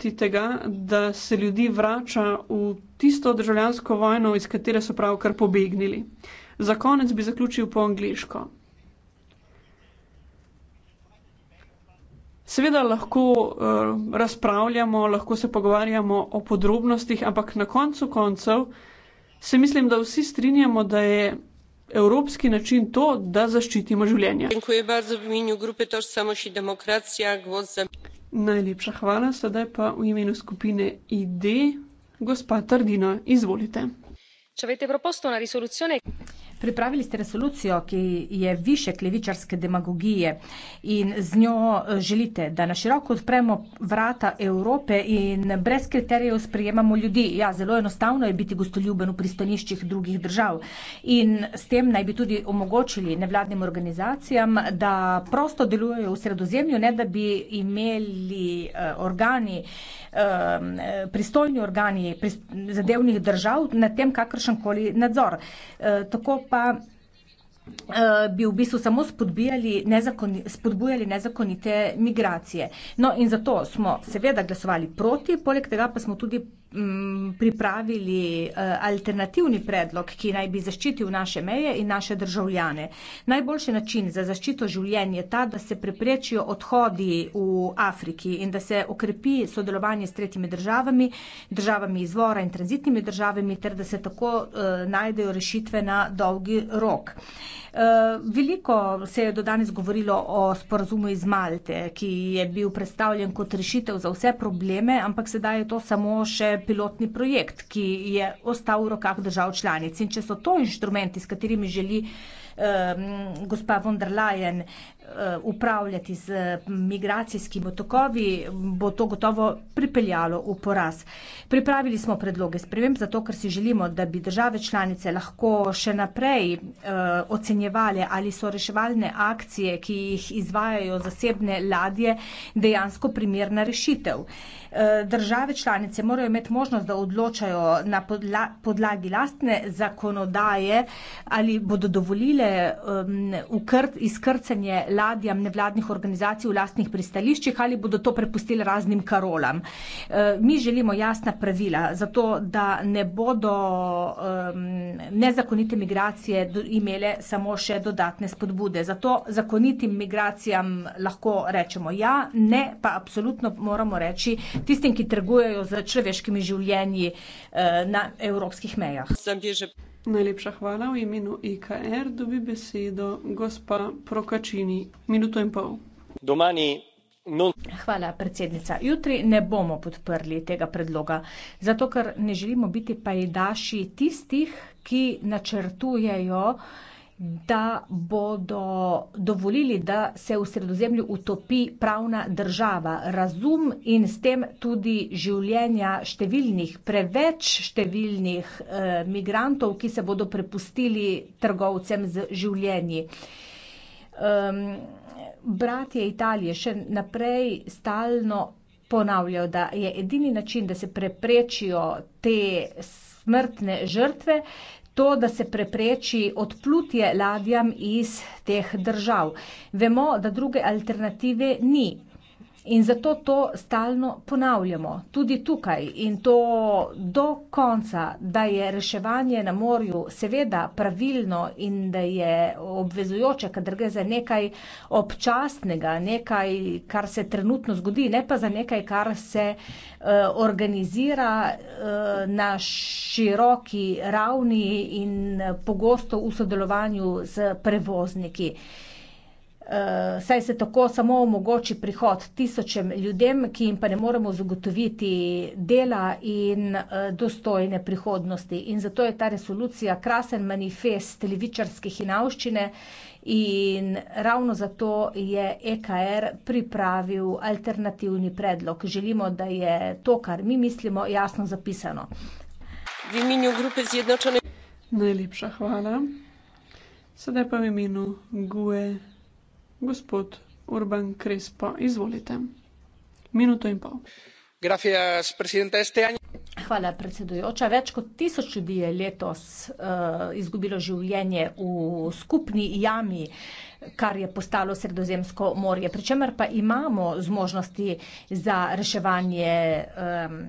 Ti tega, da se ljudi vrača v tisto državljansko vojno, iz katere so pravkar pobegnili. Za konec bi zaključil po angliško. Seveda lahko uh, razpravljamo, lahko se pogovarjamo o podrobnostih, ampak na koncu koncev se mislim, da vsi strinjamo, da je evropski način to, da zaščitimo življenja. Hvala. Najlepša hvala, sedaj pa v imenu skupine ID, gospa Tardino, izvolite. Ci avete proposto una risoluzione? Pripravili ste resolucijo, ki je više klevičarske demagogije in z njo eh, želite, da na široko odpremo vrata Evrope in brez kriterijev sprejemamo ljudi. Ja, zelo enostavno je biti gostoljuben v pristaniščih drugih držav in s tem naj bi tudi omogočili nevladnim organizacijam, da prosto delujejo v sredozemlju, ne da bi imeli eh, organi Um, pristojni organi zadevnih držav nad tem kakršenkoli nadzor. Uh, tako pa uh, bi v bistvu samo spodbijali nezakoni, spodbujali nezakonite migracije. No in zato smo seveda glasovali proti, poleg tega pa smo tudi pripravili eh, alternativni predlog, ki naj bi zaščitil naše meje in naše državljane. Najboljši način za zaščito življenja je ta, da se preprečijo odhodi v Afriki in da se okrepi sodelovanje s tretjimi državami, državami izvora in tranzitnimi državami, ter da se tako eh, najdejo rešitve na dolgi rok. Eh, veliko se je do danes govorilo o sporazumu iz Malte, ki je bil predstavljen kot rešitev za vse probleme, ampak sedaj je to samo še pilotni projekt, ki je ostal v rokah držav članic. In če so to inštrumenti, s katerimi želi eh, gospa von der Leyen Eh, upravljati z migracijskimi otokovi, bo to gotovo pripeljalo v poraz. Pripravili smo predloge sprememb zato, ker si želimo, da bi države članice lahko še naprej eh, ocenjevale, ali so reševalne akcije, ki jih izvajajo zasebne ladje, dejansko primerna rešitev. Eh, države članice morajo imeti možnost, da odločajo na podlagi lastne zakonodaje, ali bodo dovolile iskrcanje ladje ladjam nevladnih organizacij v lastnih pristališčih ali bodo to prepustili raznim karolam. Eh, mi želimo jasna pravila, zato da ne bodo nezakonite migracije imele samo še dodatne spodbude. Zato zakonitim migracijam lahko rečemo ja, ne, pa absolutno moramo reči tistim, ki trgujejo z človeškimi življenji eh, na evropskih mejah. Najlepša hvala v imenu IKR, dobi besedo gospa Prokačini. Minuto in pol. Domani. No. Hvala, predsednica. Jutri ne bomo podprli tega predloga, zato ker ne želimo biti pajdaši tistih, ki načrtujejo da bodo dovolili, da se v sredozemlju utopi pravna država, razum in s tem tudi življenja številnih, preveč številnih eh, migrantov, ki se bodo prepustili trgovcem z življenji. Um, bratje Italije še naprej stalno ponavljajo, da je edini način, da se preprečijo te smrtne žrtve, to, da se prepreči odplutje ladjam iz teh držav. Vemo, da druge alternative ni. In zato to stalno ponavljamo, tudi tukaj in to do konca, da je reševanje na morju seveda pravilno in da je obvezujoče, kadar gre za nekaj občasnega, nekaj, kar se trenutno zgodi, ne pa za nekaj, kar se uh, organizira uh, na široki ravni in uh, pogosto v sodelovanju z prevozniki. Uh, saj se tako samo omogoči prihod tisočem ljudem, ki jim pa ne moremo zagotoviti dela in uh, dostojne prihodnosti. In zato je ta resolucija krasen manifest levičarske hinavščine in ravno zato je EKR pripravil alternativni predlog. Želimo, da je to, kar mi mislimo, jasno zapisano. V imenu grupe Zjednočene. Najlepša hvala. Sedaj pa v imenu GUE. Gospod Urban Crespo, izvolite. Minuto in pol. Gracias, presidenta. Este año... Hvala, predsedujoča. Več kot tisoč ljudi je letos uh, izgubilo življenje v skupni jami, kar je postalo Sredozemsko morje. Pričemer pa imamo zmožnosti za reševanje. Um,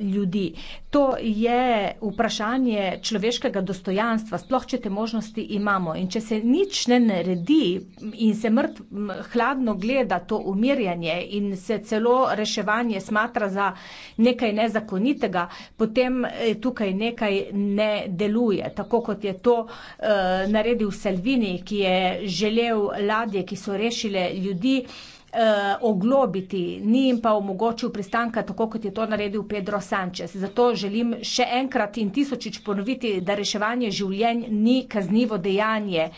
ljudi. To je vprašanje človeškega dostojanstva, sploh če te možnosti imamo. In če se nič ne naredi in se mrt hladno gleda to umirjanje in se celo reševanje smatra za nekaj nezakonitega, potem eh, tukaj nekaj ne deluje. Tako kot je to uh, naredil Salvini, ki je želel ladje, ki so rešile ljudi uh, oglobiti, ni jim pa omogočil pristanka, tako kot je to naredil Pedro Sanchez. Zato želim še enkrat in tisočič ponoviti, da reševanje življenj ni kaznivo dejanje.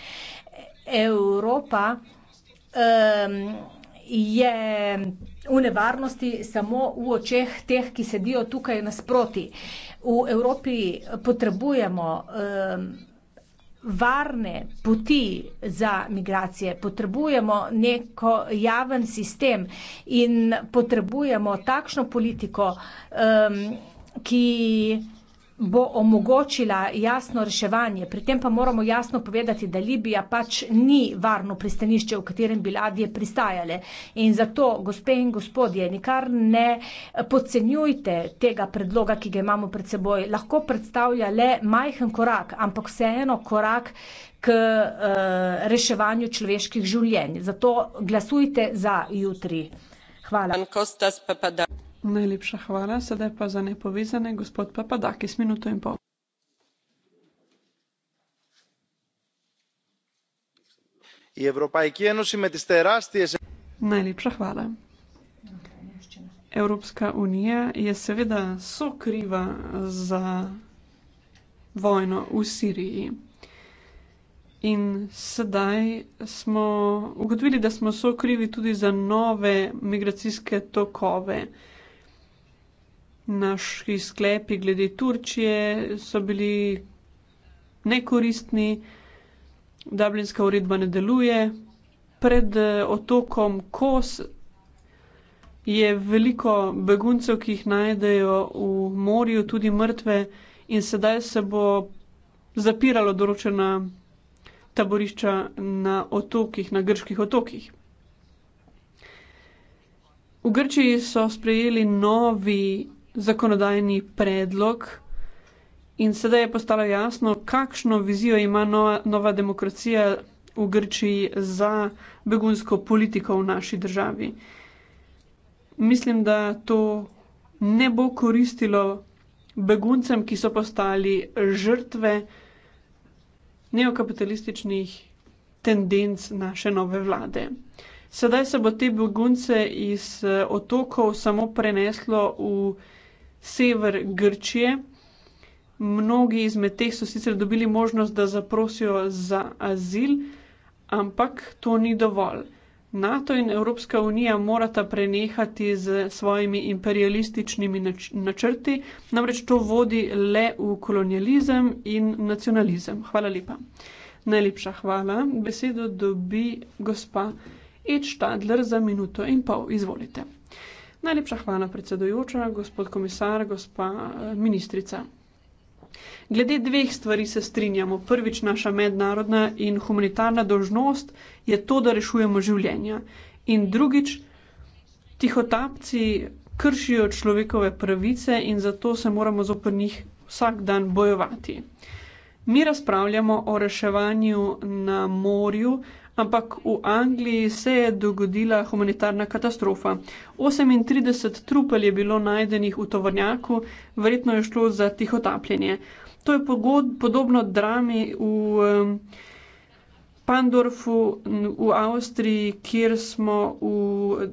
Evropa um, je v nevarnosti samo v očeh teh, ki sedijo tukaj nasproti. V Evropi potrebujemo um, varne poti za migracije, potrebujemo neko javen sistem in potrebujemo takšno politiko, um, ki bo omogočila jasno reševanje. Pri tem pa moramo jasno povedati, da Libija pač ni varno pristanišče, v katerem bi ladje pristajale. In zato, gospe in gospodje, nikar ne podcenjujte tega predloga, ki ga imamo pred seboj. Lahko predstavlja le majhen korak, ampak vseeno korak k uh, reševanju človeških življenj. Zato glasujte za jutri. Hvala. Najlepša hvala, sedaj pa za nepovezane, gospod Papadakis, minuto in pol. Najlepša hvala. Evropska unija je seveda sokriva za vojno v Siriji. In sedaj smo ugotovili, da smo sokrivi tudi za nove migracijske tokove naši sklepi glede Turčije so bili nekoristni, Dublinska uredba ne deluje. Pred eh, otokom Kos je veliko beguncev, ki jih najdejo v morju, tudi mrtve, in sedaj se bo zapiralo določena taborišča na otokih, na grških otokih. V Grčiji so sprejeli novi zakonodajni predlog. In sedaj je postalo jasno, kakšno vizijo ima nova, nova demokracija v Grčiji za begunsko politiko v naši državi. Mislim, da to ne bo koristilo beguncem, ki so postali žrtve neokapitalističnih tendenc naše nove vlade. Sedaj se bo te begunce iz eh, otokov samo preneslo v sever Grčije. Mnogi izmed teh so sicer dobili možnost, da zaprosijo za azil, ampak to ni dovolj. NATO in Evropska unija morata prenehati z svojimi imperialističnimi nač načrti, namreč to vodi le v kolonializem in nacionalizem. Hvala lepa. Najlepša hvala. Besedo dobi gospa Ed Stadler za minuto in pol. Izvolite. Najlepša hvala, predsedujoča, gospod komisar, gospa eh, ministrica. Glede dveh stvari se strinjamo. Prvič, naša mednarodna in humanitarna dožnost je to, da rešujemo življenja. In drugič, tihotapci kršijo človekove pravice in zato se moramo zopr njih vsak dan bojevati. Mi razpravljamo o reševanju na morju ampak v Angliji se je dogodila humanitarna katastrofa. 38 trupel je bilo najdenih v tovornjaku, verjetno je šlo za tihotapljenje. To je pogod, podobno drami v um, Pandorfu v Avstriji, kjer smo v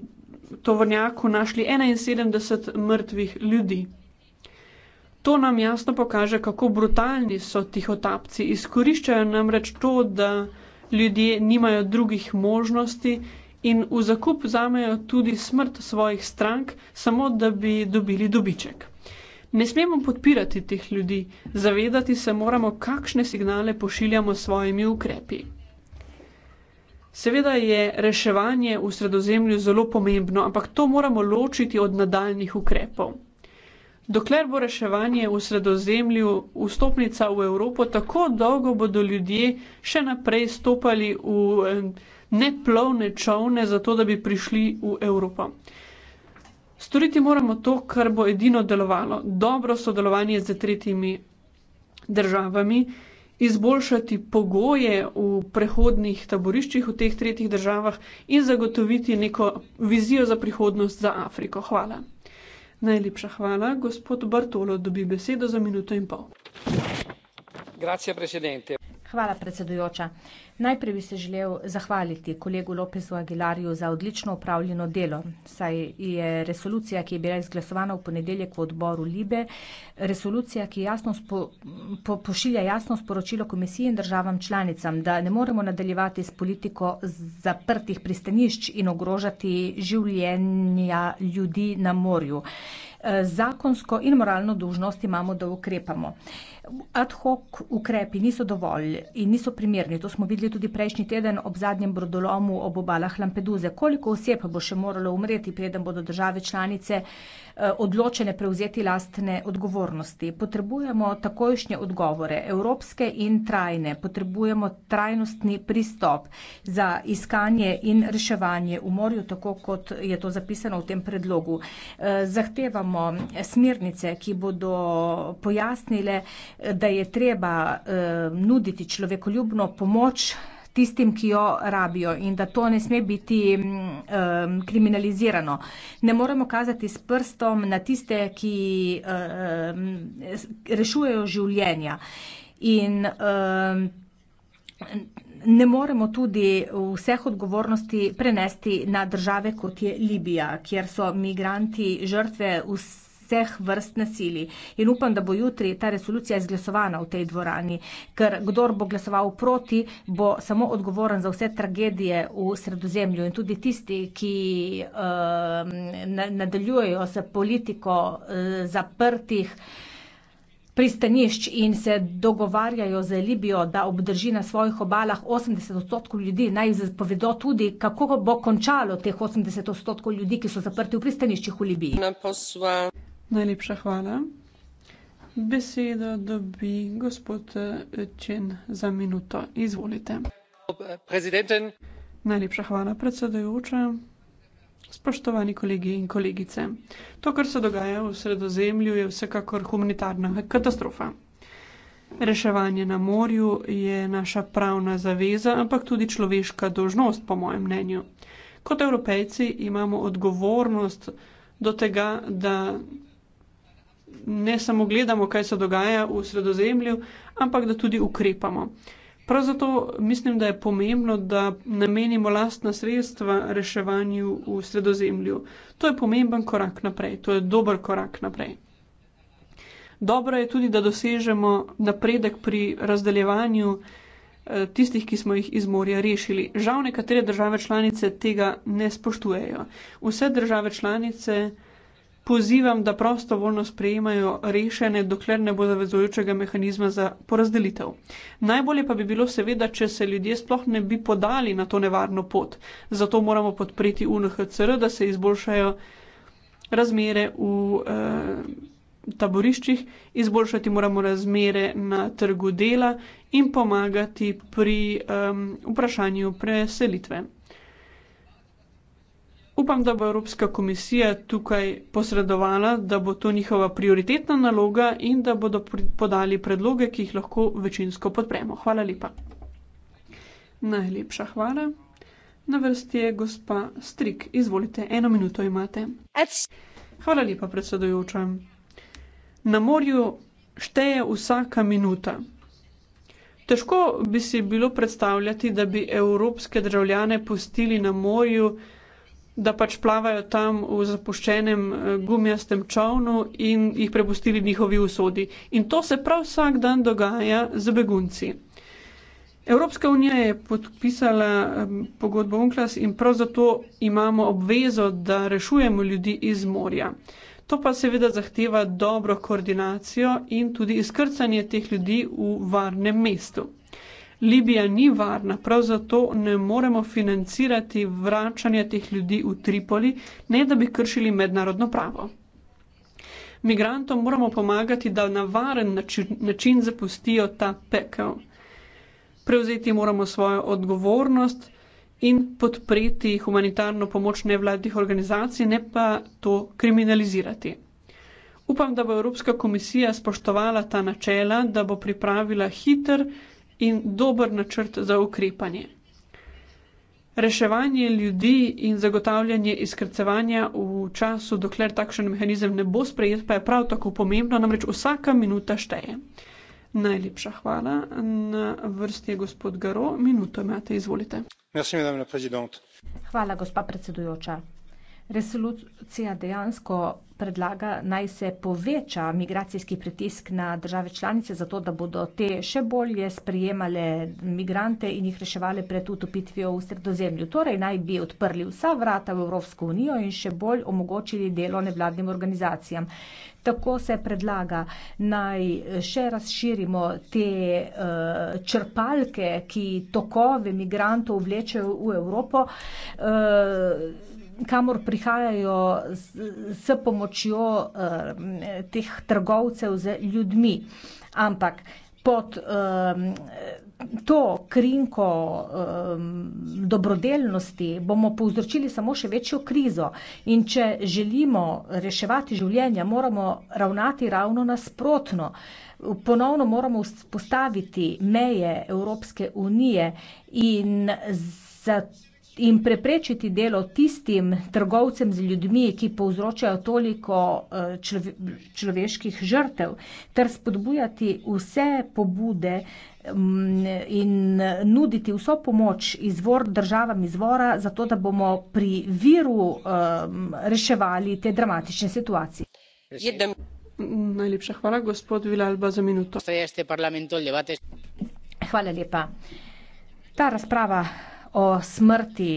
tovornjaku našli 71 mrtvih ljudi. To nam jasno pokaže, kako brutalni so tihotapci. Izkoriščajo namreč to, da ljudje nimajo drugih možnosti in v zakup zamejo tudi smrt svojih strank, samo da bi dobili dobiček. Ne smemo podpirati teh ljudi, zavedati se moramo, kakšne signale pošiljamo svojimi ukrepi. Seveda je reševanje v sredozemlju zelo pomembno, ampak to moramo ločiti od nadaljnih ukrepov. Dokler bo reševanje v sredozemlju vstopnica v Evropo, tako dolgo bodo ljudje še naprej stopali v eh, neplovne čovne, zato da bi prišli v Evropo. Storiti moramo to, kar bo edino delovalo: dobro sodelovanje z tretjimi državami, izboljšati pogoje v prehodnih taboriščih v teh tretjih državah in zagotoviti neko vizijo za prihodnost za Afriko. Hvala. Najlepša hvala. Gospod Bartolo dobi besedo za minuto in pol. Grazie, Hvala, predsedujoča. Najprej bi se želel zahvaliti kolegu Lopezu Aguilarju za odlično upravljeno delo, saj je resolucija, ki je bila izglasovana v ponedeljek v odboru Libe, resolucija, ki jasno spo, po, pošilja jasno sporočilo komisiji in državam članicam, da ne moremo nadaljevati s politiko zaprtih pristanišč in ogrožati življenja ljudi na morju. Zakonsko in moralno dužnost imamo, da ukrepamo ad hoc ukrepi niso dovolj in niso primerni. To smo videli tudi prejšnji teden ob zadnjem brodolomu ob obalah Lampeduze. Koliko oseb bo še moralo umreti, preden bodo države članice eh, odločene prevzeti lastne odgovornosti? Potrebujemo takojšnje odgovore, evropske in trajne. Potrebujemo trajnostni pristop za iskanje in reševanje v morju, tako kot je to zapisano v tem predlogu. Eh, zahtevamo smernice, ki bodo pojasnile, da je treba uh, nuditi človekoljubno pomoč tistim, ki jo rabijo in da to ne sme biti um, kriminalizirano. Ne moremo kazati s prstom na tiste, ki um, rešujejo življenja. In um, ne moremo tudi vseh odgovornosti prenesti na države, kot je Libija, kjer so migranti žrtve vse vseh vrst nasilij. In upam, da bo jutri ta resolucija izglasovana v tej dvorani, ker kdor bo glasoval proti, bo samo odgovoren za vse tragedije v sredozemlju in tudi tisti, ki uh, nadaljujejo se politiko uh, zaprtih pristanišč in se dogovarjajo za Libijo, da obdrži na svojih obalah 80 odstotkov ljudi. Naj povedo tudi, kako bo končalo teh 80 odstotkov ljudi, ki so zaprti v pristaniščih v Libiji. Najlepša hvala. Besedo dobi gospod eh, Čen za minuto. Izvolite. Najlepša hvala, predsedujoča. Spoštovani kolegi in kolegice. To, kar se dogaja v sredozemlju, je vsekakor humanitarna katastrofa. Reševanje na morju je naša pravna zaveza, ampak tudi človeška dožnost, po mojem mnenju. Kot evropejci imamo odgovornost do tega, da ne samo gledamo, kaj se dogaja v sredozemlju, ampak da tudi ukrepamo. Prav zato mislim, da je pomembno, da namenimo lastna sredstva reševanju v sredozemlju. To je pomemben korak naprej, to je dober korak naprej. Dobro je tudi, da dosežemo napredek pri razdeljevanju eh, tistih, ki smo jih iz morja rešili. Žal nekatere države članice tega ne spoštujejo. Vse države članice pozivam, da prostovoljno sprejemajo rešene, dokler ne bo zavezujočega mehanizma za porazdelitev. Najbolje pa bi bilo seveda, če se ljudje sploh ne bi podali na to nevarno pot. Zato moramo podpreti UNHCR, da se izboljšajo razmere v eh, taboriščih, izboljšati moramo razmere na trgu dela in pomagati pri eh, vprašanju preselitve. Upam, da bo Evropska komisija tukaj posredovala, da bo to njihova prioritetna naloga in da bodo podali predloge, ki jih lahko večinsko podpremo. Hvala lepa. Najlepša hvala. Na vrsti je gospa Strik. Izvolite, eno minuto imate. Hvala lepa, predsedujoča. Na morju šteje vsaka minuta. Težko bi si bilo predstavljati, da bi evropske državljane pustili na morju da pač plavajo tam v zapuščenem eh, gumijastem čovnu in jih prepustili njihovi usodi. In to se prav vsak dan dogaja z begunci. Evropska unija je podpisala eh, pogodbo UNCLAS in prav zato imamo obvezo, da rešujemo ljudi iz morja. To pa seveda zahteva dobro koordinacijo in tudi izkrcanje teh ljudi v varnem mestu. Libija ni varna, prav zato ne moremo financirati vračanja teh ljudi v Tripoli, ne da bi kršili mednarodno pravo. Migrantom moramo pomagati, da na varen način, način zapustijo ta pekel. Prevzeti moramo svojo odgovornost in podpreti humanitarno pomoč nevladnih organizacij, ne pa to kriminalizirati. Upam, da bo Evropska komisija spoštovala ta načela, da bo pripravila hiter, in dober načrt za ukrepanje. Reševanje ljudi in zagotavljanje izkrcevanja v času, dokler takšen mehanizem ne bo sprejet, pa je prav tako pomembno, namreč vsaka minuta šteje. Najlepša hvala. Na vrsti je gospod Garo. Minuto imate, izvolite. Hvala, gospa predsedujoča. Resolucija dejansko predlaga, naj se poveča migracijski pritisk na države članice, zato da bodo te še bolje sprejemale migrante in jih reševali pred utopitvijo v sredozemlju. Torej naj bi odprli vsa vrata v Evropsko unijo in še bolj omogočili delo nevladnim organizacijam. Tako se predlaga, naj še razširimo te uh, črpalke, ki tokove migrantov vlečejo v Evropo. Uh, kamor prihajajo s, s pomočjo uh, teh trgovcev z ljudmi. Ampak pod um, to krinko um, dobrodelnosti bomo povzročili samo še večjo krizo. In če želimo reševati življenja, moramo ravnati ravno nasprotno. Ponovno moramo vzpostaviti meje Evropske unije in zato in preprečiti delo tistim trgovcem z ljudmi, ki povzročajo toliko eh, človeških, človeških žrtev, ter spodbujati vse pobude mm, in nuditi vso pomoč izvor, državam izvora, zato da bomo pri viru um, reševali te dramatične situacije. Jedem. Najlepša hvala, gospod Vilalba, za minuto. Hvala lepa. Ta razprava o smrti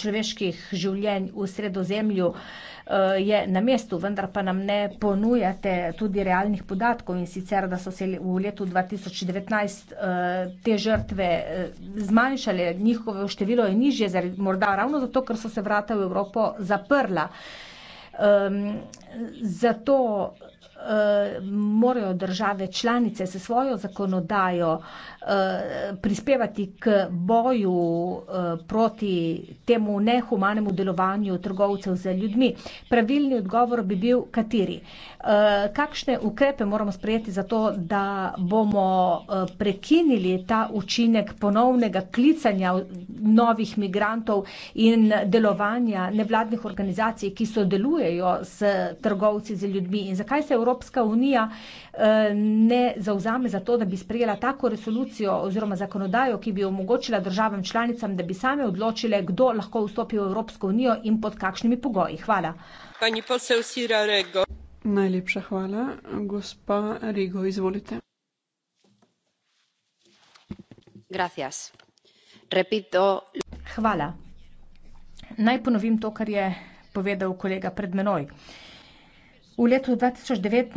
človeških življenj v sredozemlju eh, je na mestu, vendar pa nam ne ponujate tudi realnih podatkov in sicer, da so se v letu 2019 eh, te žrtve eh, zmanjšale, njihovo število je nižje, morda ravno zato, ker so se vrata v Evropo zaprla. Ehm, zato eh, morajo države članice s svojo zakonodajo eh, prispevati k boju eh, proti temu nehumanemu delovanju trgovcev za ljudmi. Pravilni odgovor bi bil kateri? Kakšne ukrepe moramo sprejeti za to, da bomo prekinili ta učinek ponovnega klicanja novih migrantov in delovanja nevladnih organizacij, ki so delujejo ukvarjajo s trgovci, z ljudmi in zakaj se Evropska unija eh, ne zauzame za to, da bi sprejela tako resolucijo oziroma zakonodajo, ki bi omogočila državam članicam, da bi same odločile, kdo lahko vstopi v Evropsko unijo in pod kakšnimi pogoji. Hvala. Najlepša hvala. Gospa Rego, izvolite. Hvala. Naj ponovim to, kar je povedal kolega pred menoj. V letu 2019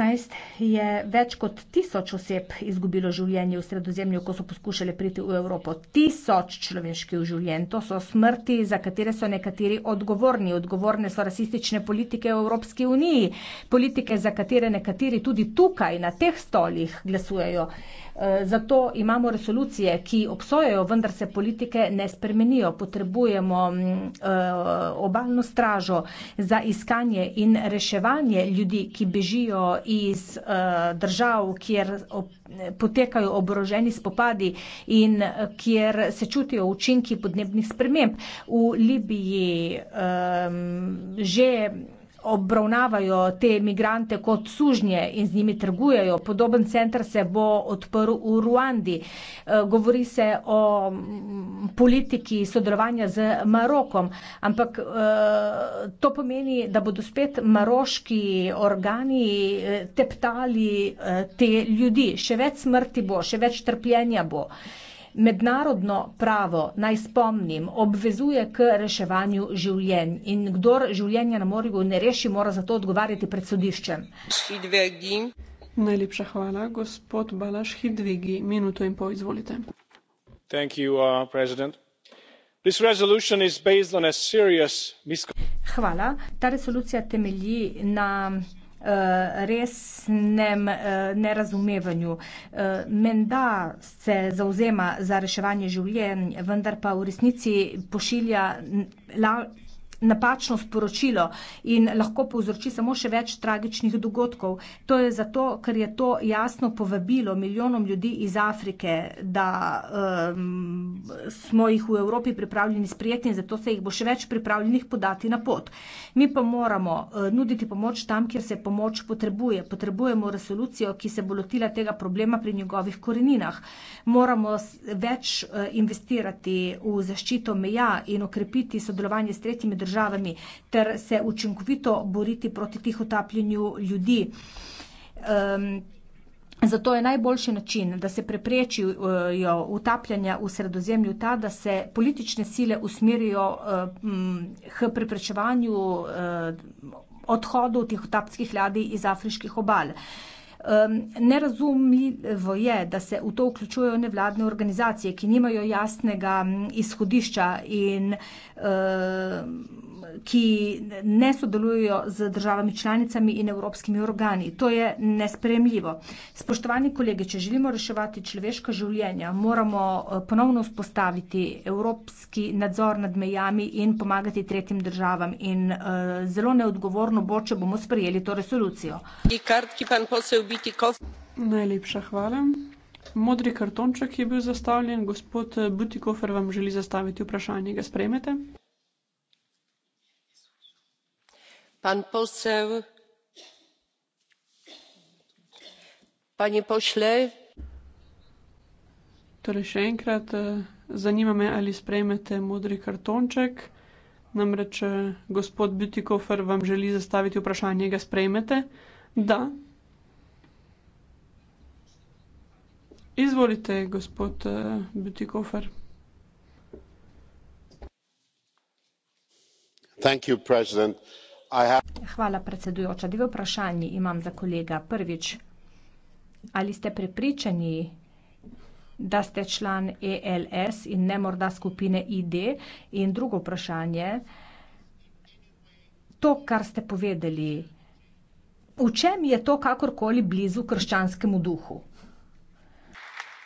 je več kot tisoč oseb izgubilo življenje v sredozemlju, ko so poskušali priti v Evropo. Tisoč človeških življenj, to so smrti, za katere so nekateri odgovorni. Odgovorne so rasistične politike v Evropski uniji, politike, za katere nekateri tudi tukaj na teh stolih glasujejo. Uh, Eh, zato imamo resolucije, ki obsojajo, vendar se politike ne spremenijo. Potrebujemo mm, eh, obalno stražo za iskanje in reševanje ljudi, ki bežijo iz eh, držav, kjer potekajo oboroženi spopadi in kjer se čutijo učinki podnebnih sprememb. V Libiji že obravnavajo te migrante kot sužnje in z njimi trgujejo. Podoben center se bo odprl v Ruandi. Eh, govori se o mm, politiki sodelovanja z Marokom, ampak eh, to pomeni, da bodo spet maroški organi eh, teptali te ljudi. Še več smrti bo, še več trpljenja bo. Mednarodno pravo, naj spomnim, obvezuje k reševanju življenj in kdor življenja na morju ne reši, mora za to odgovarjati pred sodiščem. Hidvegi. Najlepša hvala, gospod Balaš Hidvigi. Minuto in pol, izvolite. Uh, hvala. Ta resolucija temelji na Eh, resnem uh, nerazumevanju. Uh, menda se zauzema za reševanje življenj, vendar pa v resnici pošilja la, napačno sporočilo in lahko povzroči samo še več tragičnih dogodkov. To je zato, ker je to jasno povabilo milijonom ljudi iz Afrike, da um, smo jih v Evropi pripravljeni sprijeti in zato se jih bo še več pripravljenih podati na pot. Mi pa moramo uh, nuditi pomoč tam, kjer se pomoč potrebuje. Potrebujemo resolucijo, ki se bo lotila tega problema pri njegovih koreninah. Moramo več uh, investirati v zaščito meja in okrepiti sodelovanje s tretjimi državami državami ter se učinkovito boriti proti tihotapljenju ljudi. Um, Zato je najboljši način, da se preprečijo utapljanja v sredozemlju ta, da se politične sile usmerijo k preprečevanju odhodu tih utapskih ladij iz afriških obal. Um, nerazumljivo je, da se v to vključujejo nevladne organizacije, ki nimajo jasnega izhodišča in um, ki ne sodelujo z državami članicami in evropskimi organi. To je nespremljivo. Spoštovani kolege, če želimo reševati človeška življenja, moramo e, ponovno vzpostaviti evropski nadzor nad mejami in pomagati tretjim državam. In uh, zelo neodgovorno bo, če bomo sprejeli to resolucijo politikov. Najlepša hvala. Modri kartonček je bil zastavljen. Gospod Butikofer vam želi zastaviti vprašanje. Ga sprejmete? Pan posel. Pani pošle. Torej še enkrat, eh, zanima me, ali sprejmete modri kartonček. Namreč eh, gospod Butikofer vam želi zastaviti vprašanje. Ga sprejmete? Da. Izvolite, gospod, eh, Bütikofer. Hvala, predsedujoča. Dve vprašanji imam za kolega. Prvič, ali ste prepričani, da ste član ELS in ne morda skupine ID? In drugo vprašanje, to, kar ste povedali, v čem je to kakorkoli blizu krščanskemu duhu?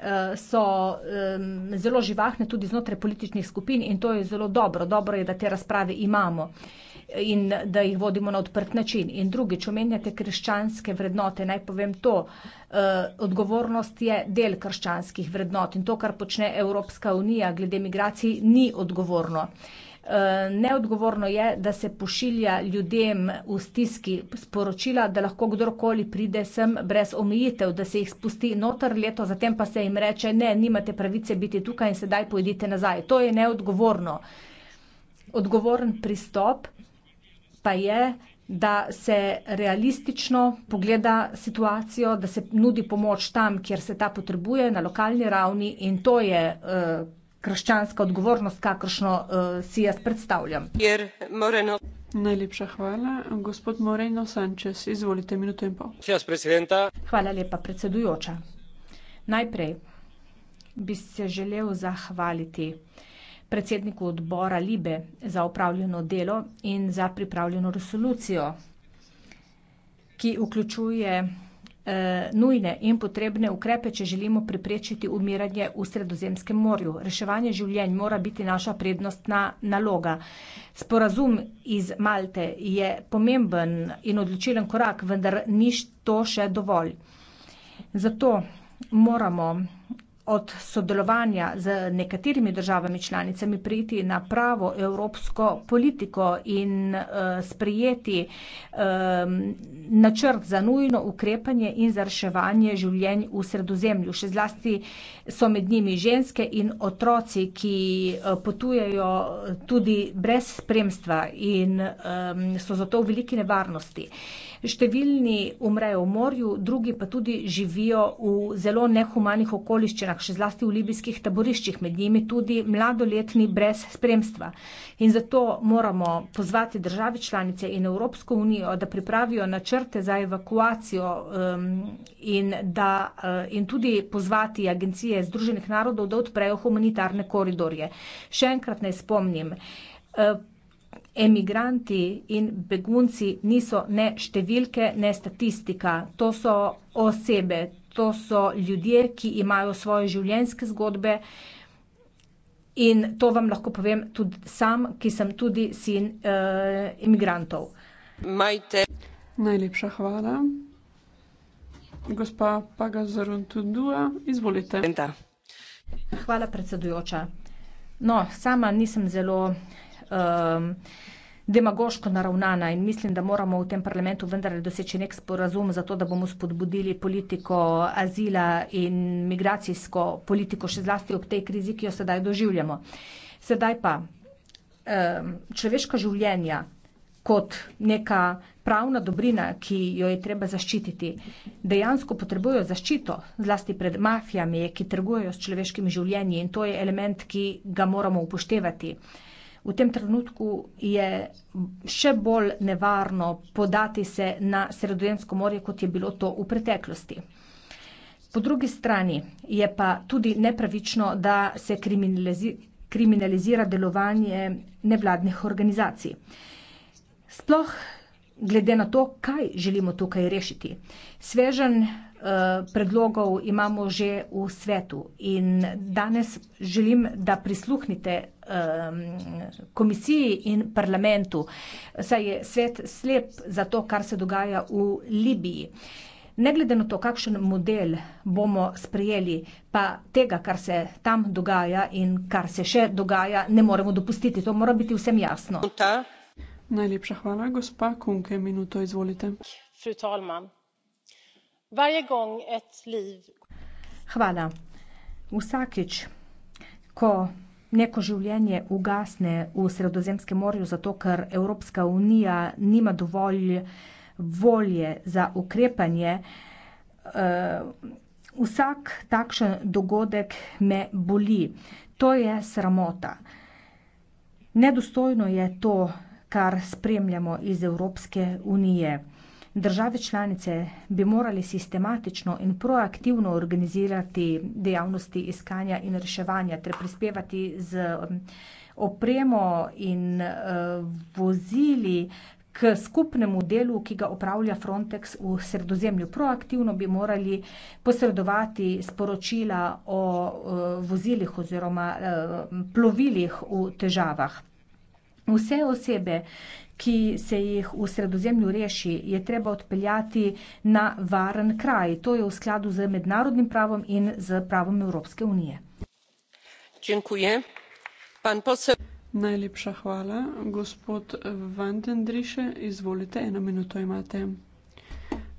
Eh, so zelo živahne tudi znotraj političnih skupin in to je zelo dobro. Dobro je, da te razprave imamo in da jih vodimo na odprt način. In drugič, omenjate krščanske vrednote, naj povem to, eh, odgovornost je del krščanskih vrednot in to, kar počne Evropska unija glede migracij, ni odgovorno neodgovorno je, da se pošilja ljudem v stiski sporočila, da lahko kdorkoli pride sem brez omejitev, da se jih spusti noter leto, zatem pa se jim reče, ne, nimate pravice biti tukaj in sedaj pojdite nazaj. To je neodgovorno. Odgovoren pristop pa je, da se realistično pogleda situacijo, da se nudi pomoč tam, kjer se ta potrebuje, na lokalni ravni in to je. Uh, krščanska odgovornost, kakršno uh, si jaz predstavljam. Moreno... Najlepša hvala. Gospod Moreno Sanchez, izvolite minuto in pol. Hvala lepa, predsedujoča. Najprej bi se želel zahvaliti predsedniku odbora Libe za upravljeno delo in za pripravljeno resolucijo, ki vključuje Eh, nujne in potrebne ukrepe, če želimo preprečiti umiranje v sredozemskem morju. Reševanje življenj mora biti naša prednostna naloga. Sporazum iz Malte je pomemben in odločilen korak, vendar ni to še dovolj. Zato moramo od sodelovanja z nekaterimi državami članicami priti na pravo evropsko politiko in eh, sprijeti ehm, načrt za nujno ukrepanje in za reševanje življenj v sredozemlju. Še zlasti so med njimi ženske in otroci, ki eh, potujejo tudi brez spremstva in ehm, so zato v veliki nevarnosti. Številni umrejo v morju, drugi pa tudi živijo v zelo nehumanih okoliščinah otrok, še zlasti v libijskih taboriščih, med njimi tudi mladoletni brez spremstva. In zato moramo pozvati države članice in Evropsko unijo, da pripravijo načrte za evakuacijo um, in, da, uh, in tudi pozvati agencije Združenih narodov, da odprejo humanitarne koridorje. Še enkrat naj spomnim. Uh, Emigranti in begunci niso ne številke, ne statistika, to so osebe, to so ljudje, ki imajo svoje življenjske zgodbe. In to vam lahko povem tudi sam, ki sem tudi sin uh, imigrantov. Majte. Najlepša hvala. Gospa Pagazarun Tundua, izvolite. Da. Hvala, predsedujoča. No, sama nisem zelo. Uh, demagoško naravnana in mislim, da moramo v tem parlamentu vendarle doseči nek sporazum za to, da bomo spodbudili politiko azila in migracijsko politiko, še zlasti ob tej krizi, ki jo sedaj doživljamo. Sedaj pa človeška življenja kot neka pravna dobrina, ki jo je treba zaščititi, dejansko potrebujejo zaščito, zlasti pred mafijami, ki trgujejo s človeškim življenjem in to je element, ki ga moramo upoštevati v tem trenutku je še bolj nevarno podati se na Sredozemsko morje, kot je bilo to v preteklosti. Po drugi strani je pa tudi nepravično, da se kriminalizira, kriminalizira delovanje nevladnih organizacij. Sploh glede na to, kaj želimo tukaj rešiti. Svežen Eh, predlogov imamo že v svetu in danes želim, da prisluhnite eh, komisiji in parlamentu, saj je svet slep za to, kar se dogaja v Libiji. Ne glede na to, kakšen model bomo sprejeli, pa tega, kar se tam dogaja in kar se še dogaja, ne moremo dopustiti. To mora biti vsem jasno. Najlepša hvala, gospa Kunke, minuto izvolite. Fru talman. Hvala. Vsakič, ko neko življenje ugasne v Sredozemskem morju zato, ker Evropska unija nima dovolj volje za ukrepanje, eh, vsak takšen dogodek me boli. To je sramota. Nedostojno je to, kar spremljamo iz Evropske unije. Države članice bi morali sistematično in proaktivno organizirati dejavnosti iskanja in reševanja ter prispevati z um, opremo in uh, vozili k skupnemu delu, ki ga upravlja Frontex v sredozemlju. Proaktivno bi morali posredovati sporočila o uh, vozilih oziroma uh, plovilih v težavah. Vse osebe, ki se jih v sredozemlju reši, je treba odpeljati na varen kraj. To je v skladu z mednarodnim pravom in z pravom Evropske unije. Najlepša hvala. Gospod Vandendriše, izvolite, eno minuto imate.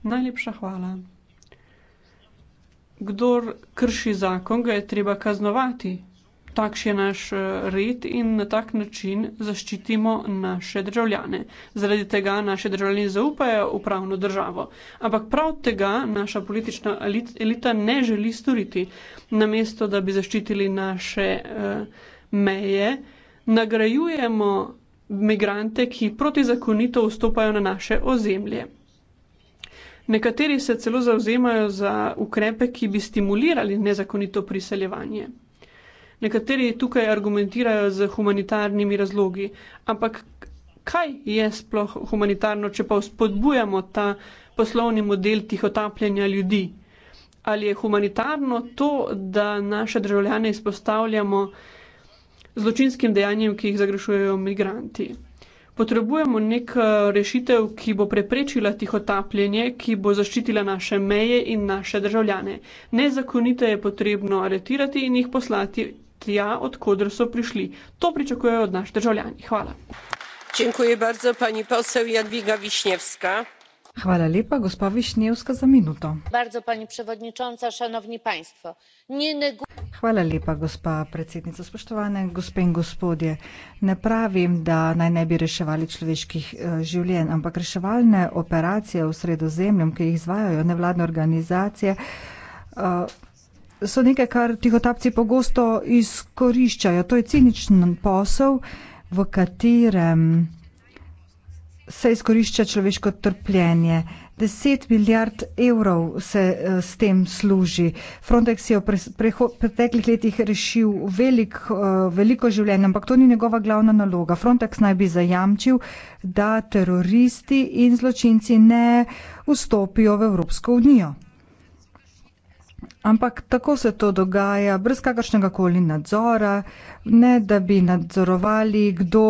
Najlepša hvala. Kdor krši zakon, ga je treba kaznovati takšen je naš eh, red in na tak način zaščitimo naše državljane. Zaradi tega naše državljani zaupajo v pravno državo. Ampak prav tega naša politična elita ne želi storiti. Namesto, da bi zaščitili naše eh, meje, nagrajujemo migrante, ki protizakonito vstopajo na naše ozemlje. Nekateri se celo zauzemajo za ukrepe, ki bi stimulirali nezakonito priseljevanje. Nekateri tukaj argumentirajo z humanitarnimi razlogi, ampak kaj je sploh humanitarno, če pa spodbujamo ta poslovni model tihotapljanja ljudi? Ali je humanitarno to, da naše državljane izpostavljamo zločinskim dejanjem, ki jih zagrešujejo migranti? Potrebujemo nek eh, rešitev, ki bo preprečila tihotapljenje, ki bo zaščitila naše meje in naše državljane. Nezakonite je potrebno aretirati in jih poslati tja, odkudr so prišli. To pričakujejo od naših državljani. Hvala. Dziękuję bardzo pani poseł Jadwiga Wiśniewska. Hvala lepa, gospa Višnjevska, za minuto. Bardzo, pani przewodnicząca, szanowni państwo. Negu... Hvala lepa, gospa predsednica. Spoštovane gospe in gospodje, ne pravim, da naj ne bi reševali človeških uh, življenj, ampak reševalne operacije v sredozemljem, ki jih izvajajo nevladne organizacije, uh, so nekaj, kar tihotapci pogosto izkoriščajo. To je ciničen posel, v katerem se izkorišča človeško trpljenje. 10 milijard evrov se eh, s tem služi. Frontex je v preteklih letih rešil velik, eh, veliko življenj, ampak to ni njegova glavna naloga. Frontex naj bi zajamčil, da teroristi in zločinci ne vstopijo v Evropsko unijo. Ampak tako se to dogaja, brez kakršnega koli nadzora, ne da bi nadzorovali, kdo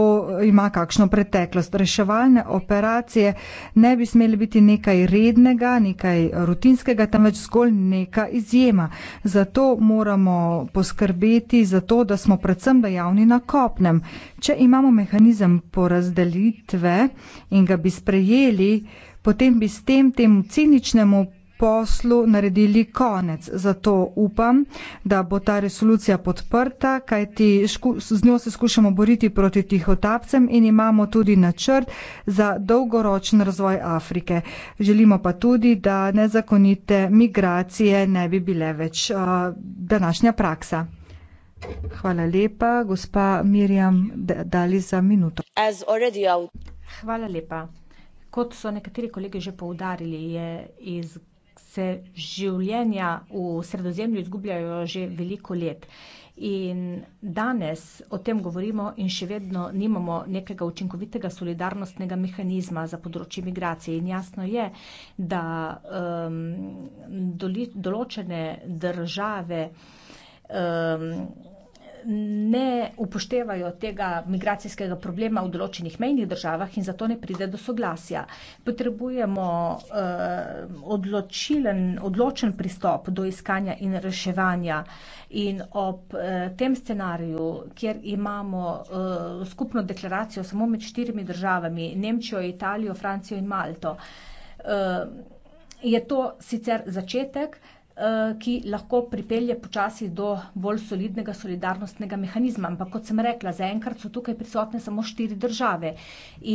ima kakšno preteklost. Reševalne operacije ne bi smeli biti nekaj rednega, nekaj rutinskega, temveč zgolj neka izjema. Zato moramo poskrbeti za to, da smo predvsem dejavni na kopnem. Če imamo mehanizem porazdelitve in ga bi sprejeli, potem bi s tem temu ciničnemu poslu naredili konec. Zato upam, da bo ta resolucija podprta, kajti z njo se skušamo boriti proti tihotapcem in imamo tudi načrt za dolgoročen razvoj Afrike. Želimo pa tudi, da nezakonite migracije ne bi bile več uh, današnja praksa. Hvala lepa, gospa Mirjam, dali za minuto. Hvala lepa. Kot so nekateri kolegi že poudarili, je iz se življenja v sredozemlju izgubljajo že veliko let. In danes o tem govorimo in še vedno nimamo nekega učinkovitega solidarnostnega mehanizma za področje migracije. In jasno je, da um, doli, določene države um, ne upoštevajo tega migracijskega problema v določenih mejnih državah in zato ne pride do soglasja. Potrebujemo eh, odločilen, odločen pristop do iskanja in reševanja in ob eh, tem scenariju, kjer imamo eh, skupno deklaracijo samo med štirimi državami, Nemčijo, Italijo, Francijo in Malto, eh, je to sicer začetek, eh, Eh, ki lahko pripelje počasi do bolj solidnega solidarnostnega mehanizma. Ampak kot sem rekla, zaenkrat so tukaj prisotne samo štiri države.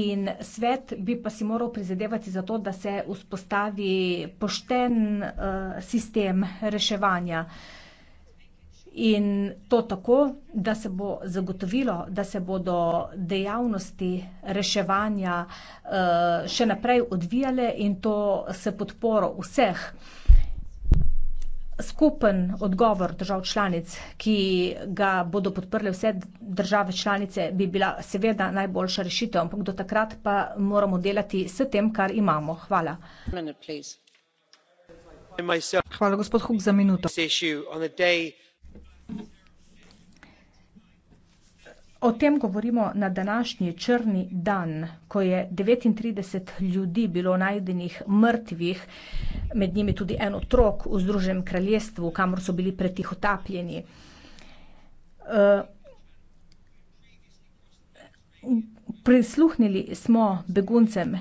In svet bi pa si moral prizadevati za to, da se vzpostavi pošten uh, sistem reševanja. In to tako, da se bo zagotovilo, da se bodo dejavnosti reševanja uh, še naprej odvijale in to se podporo vseh skupen odgovor držav članic, ki ga bodo podprle vse države članice, bi bila seveda najboljša rešitev, ampak do takrat pa moramo delati s tem, kar imamo. Hvala. Hvala, gospod Huk, za minuto. O tem govorimo na današnji črni dan, ko je 39 ljudi bilo najdenih mrtvih, med njimi tudi en otrok v Združenem kraljestvu, kamor so bili pretihotapljeni. Eh, prisluhnili smo beguncem,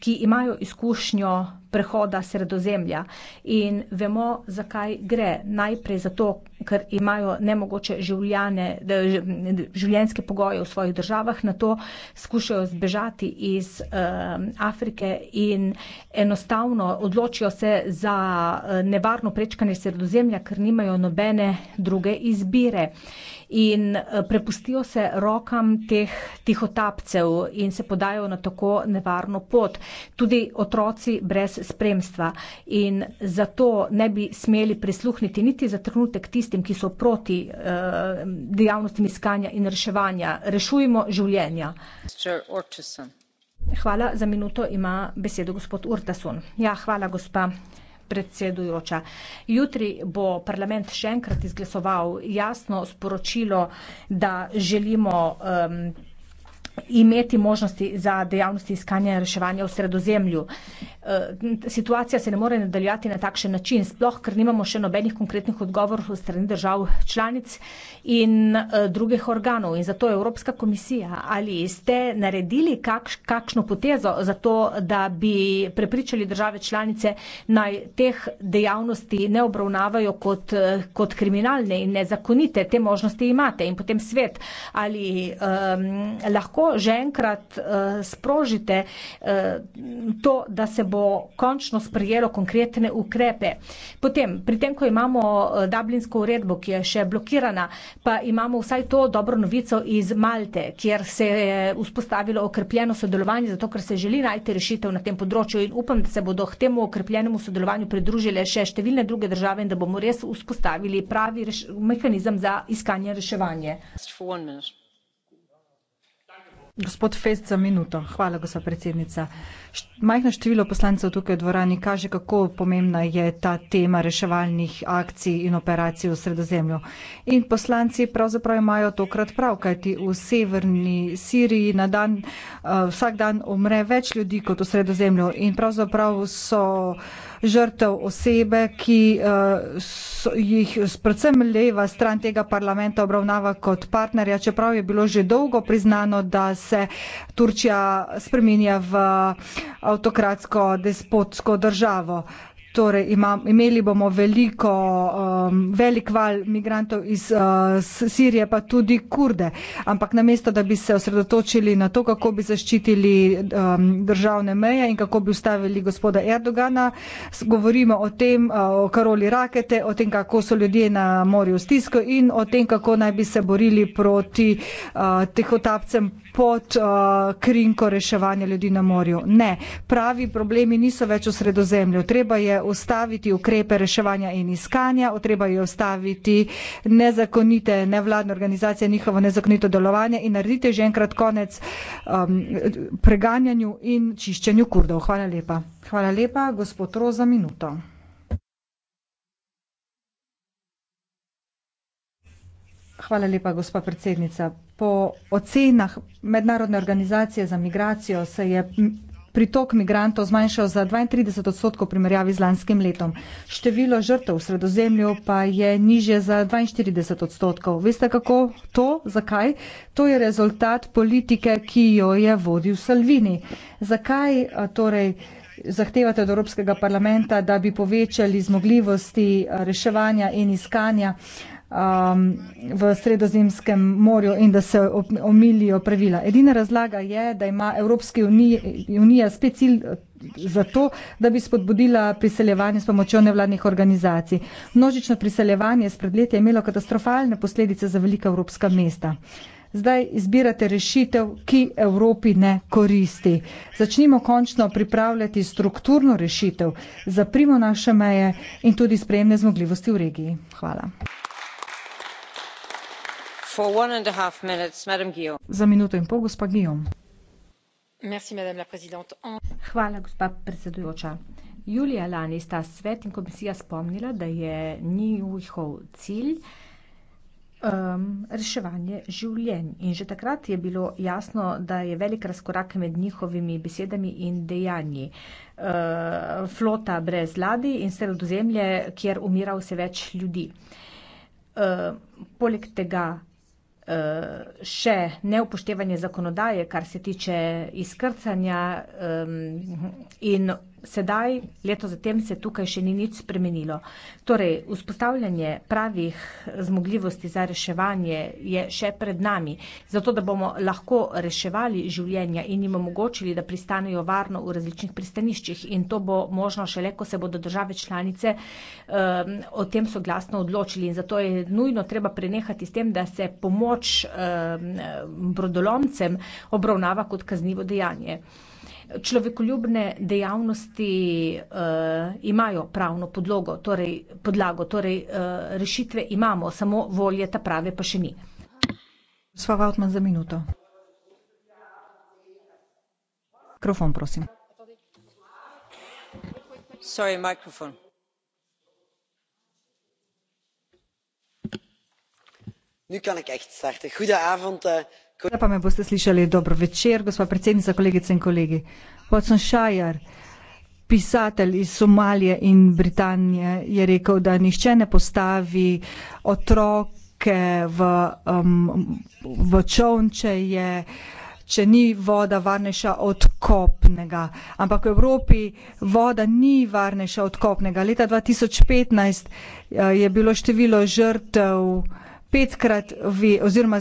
ki imajo izkušnjo prehoda sredozemlja in vemo, zakaj gre. Najprej zato, ker imajo nemogoče življane, življenske pogoje v svojih državah, na to skušajo zbežati iz eh, Afrike in enostavno odločijo se za eh, nevarno prečkanje sredozemlja, ker nimajo nobene druge izbire. Eh, in eh, prepustijo se rokam teh tihotapcev in se podajo na tako nevarno pot. Tudi otroci brez spremstva in zato ne bi smeli prisluhniti niti za trenutek tistim, ki so proti eh, dejavnostim iskanja in reševanja. Rešujmo življenja. Hvala za minuto, ima besedo gospod Urtasun. Ja, hvala, gospa predsedujoča. Jutri bo parlament še enkrat izglasoval jasno sporočilo, da želimo um, imeti možnosti za dejavnosti iskanja reševanja v sredozemlju. Eh, situacija se ne more nadaljati na takšen način, sploh ker nimamo še nobenih konkretnih odgovorov od strani držav članic in eh, drugih organov. In zato Evropska komisija, ali ste naredili kakš, kakšno potezo za to, da bi prepričali države članice naj teh dejavnosti ne obravnavajo kot, eh, kot kriminalne in nezakonite, te možnosti imate in potem svet, ali um, lahko že enkrat uh, sprožite uh, to, da se bo bo končno sprijelo konkretne ukrepe. Potem, pri tem, ko imamo eh, Dublinsko uredbo, ki je še blokirana, pa imamo vsaj to dobro novico iz Malte, kjer se je vzpostavilo okrepljeno sodelovanje, zato ker se želi najti rešitev na tem področju in upam, da se bodo k temu okrepljenemu sodelovanju pridružile še številne druge države in da bomo res vzpostavili pravi reš mehanizem za iskanje reševanja. Gospod Fest za minuto. Hvala, gospa predsednica. Majhno število poslancev tukaj v dvorani kaže, kako pomembna je ta tema reševalnih akcij in operacij v sredozemlju. In poslanci pravzaprav imajo tokrat prav, kajti v severni Siriji na dan, eh, vsak dan umre več ljudi kot v sredozemlju in pravzaprav so žrtev osebe, ki eh, jih predvsem leva stran tega parlamenta obravnava kot partnerja, čeprav je bilo že dolgo priznano, da se Turčija spreminja v avtokratsko despotsko državo. Torej ima, imeli bomo veliko, um, velik val migrantov iz uh, Sirije, pa tudi kurde. Ampak namesto, da bi se osredotočili na to, kako bi zaščitili um, državne meje in kako bi ustavili gospoda Erdogana, govorimo o tem, uh, o karoli rakete, o tem, kako so ljudje na morju stisko in o tem, kako naj bi se borili proti uh, tehotapcem pod uh, krinko reševanja ljudi na morju. Ne, pravi problemi niso več v sredozemlju. Treba je ustaviti ukrepe reševanja in iskanja, treba je ustaviti nezakonite nevladne organizacije, njihovo nezakonito delovanje in naredite že enkrat konec um, preganjanju in čiščenju kurdov. Hvala lepa. Hvala lepa, gospod Roza, minuto. Hvala lepa, gospa predsednica. Po ocenah Mednarodne organizacije za migracijo se je pritok migrantov zmanjšal za 32 odstotkov primerjavi z lanskim letom. Število žrtev v sredozemlju pa je niže za 42 odstotkov. Veste kako to? Zakaj? To je rezultat politike, ki jo je vodil Salvini. Zakaj torej zahtevate od Evropskega parlamenta, da bi povečali zmogljivosti reševanja in iskanja? um, v sredozemskem morju in da se omilijo pravila. Edina razlaga je, da ima Evropska unija spet cilj eh, za to, da bi spodbudila priseljevanje s pomočjo nevladnih organizacij. Množično priseljevanje spred leti je imelo katastrofalne posledice za velika evropska mesta. Zdaj izbirate rešitev, ki Evropi ne koristi. Začnimo končno pripravljati strukturno rešitev, zaprimo naše meje in tudi sprejemne zmogljivosti v regiji. Hvala za minuto in pol gospa guillaume. hvala gospa predsedujoča. julija lani sta svet in komisija spomnila da je njihov cilj Um, reševanje življenj. In že takrat je bilo jasno, da je velik razkorak med njihovimi besedami in dejanji. Uh, flota brez ladi in sredozemlje, kjer umira vse več ljudi. Uh, poleg tega Eh, še neupoštevanje zakonodaje, kar se tiče izkrcanja um, in sedaj, leto zatem, se tukaj še ni nič spremenilo. Torej, vzpostavljanje pravih zmogljivosti za reševanje je še pred nami, zato da bomo lahko reševali življenja in jim omogočili, da pristanejo varno v različnih pristaniščih. In to bo možno šele, ko se bodo države članice um, o tem soglasno odločili. In zato je nujno treba prenehati s tem, da se pomoč um, brodolomcem obravnava kot kaznivo dejanje človekoljubne dejavnosti uh, imajo pravno podlogo, torej podlago, torej uh, rešitve imamo, samo volje ta prave pa še ni. Sva Vautman za minuto. Mikrofon, prosim. Sorry, microphone. Nu kan ik echt starten. Goedenavond, uh, Zdaj pa me boste slišali. Dobro večer, gospa predsednica, kolegice in kolegi. Watson Shire, pisatelj iz Somalije in Britanije, je rekel, da nihče ne postavi otroke v, um, v čovnče, je, če ni voda varnejša od kopnega. Ampak v Evropi voda ni varnejša od kopnega. Leta 2015 eh, je bilo število žrtev petkrat, oziroma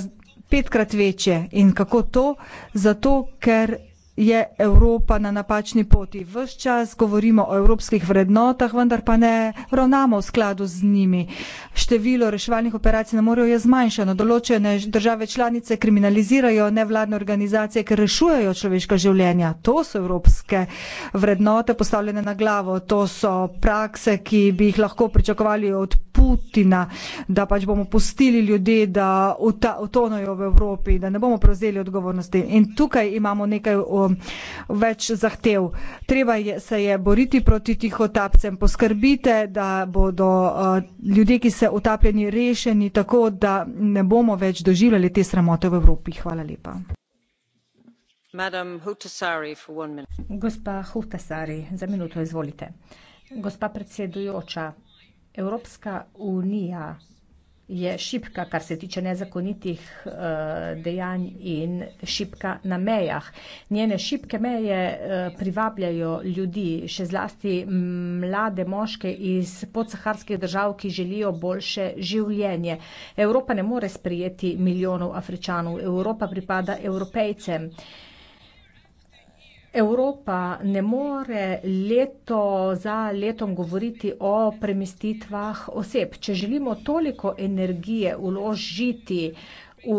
petkrat večje. In kako to? Zato, ker je Evropa na napačni poti. Ves čas govorimo o evropskih vrednotah, vendar pa ne ravnamo v skladu z njimi. Število reševalnih operacij na morju je zmanjšano. Določene države članice kriminalizirajo nevladne organizacije, ker rešujejo človeška življenja. To so evropske vrednote postavljene na glavo. To so prakse, ki bi jih lahko pričakovali od Putina, da pač bomo pustili ljudi, da utonajo v Evropi, da ne bomo prevzeli odgovornosti. In tukaj imamo nekaj o, več zahtev. Treba je, se je boriti proti tihotapcem, poskrbite, da bodo a, ljudje, ki se utapljeni, rešeni tako, da ne bomo več doživljali te sramote v Evropi. Hvala lepa. Gospa Hutasari, za minuto izvolite. Gospa predsedujoča, Evropska unija je šipka, kar se tiče nezakonitih eh, dejanj in šipka na mejah. Njene šipke meje eh, privabljajo ljudi, še zlasti mlade moške iz podsaharskih držav, ki želijo boljše življenje. Evropa ne more sprijeti milijonov afričanov, Evropa pripada evropejcem. Evropa ne more leto za letom govoriti o premestitvah oseb. Če želimo toliko energije uložiti v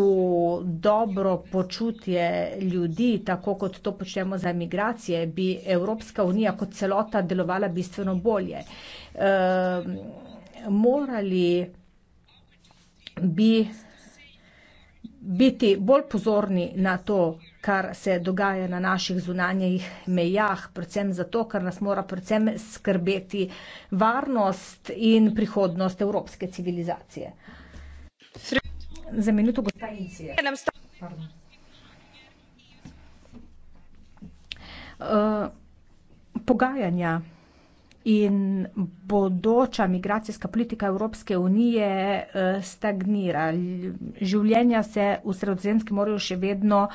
dobro počutje ljudi, tako kot to počnemo za emigracije, bi Evropska unija kot celota delovala bistveno bolje. E, morali bi biti bolj pozorni na to, kar se dogaja na naših zunanjih mejah, predvsem zato, ker nas mora predvsem skrbeti varnost in prihodnost evropske civilizacije. Za minuto gospodin Cije. Uh, pogajanja in bodoča migracijska politika Evropske unije eh, stagnira. Življenja se v sredozemskem morju še vedno um,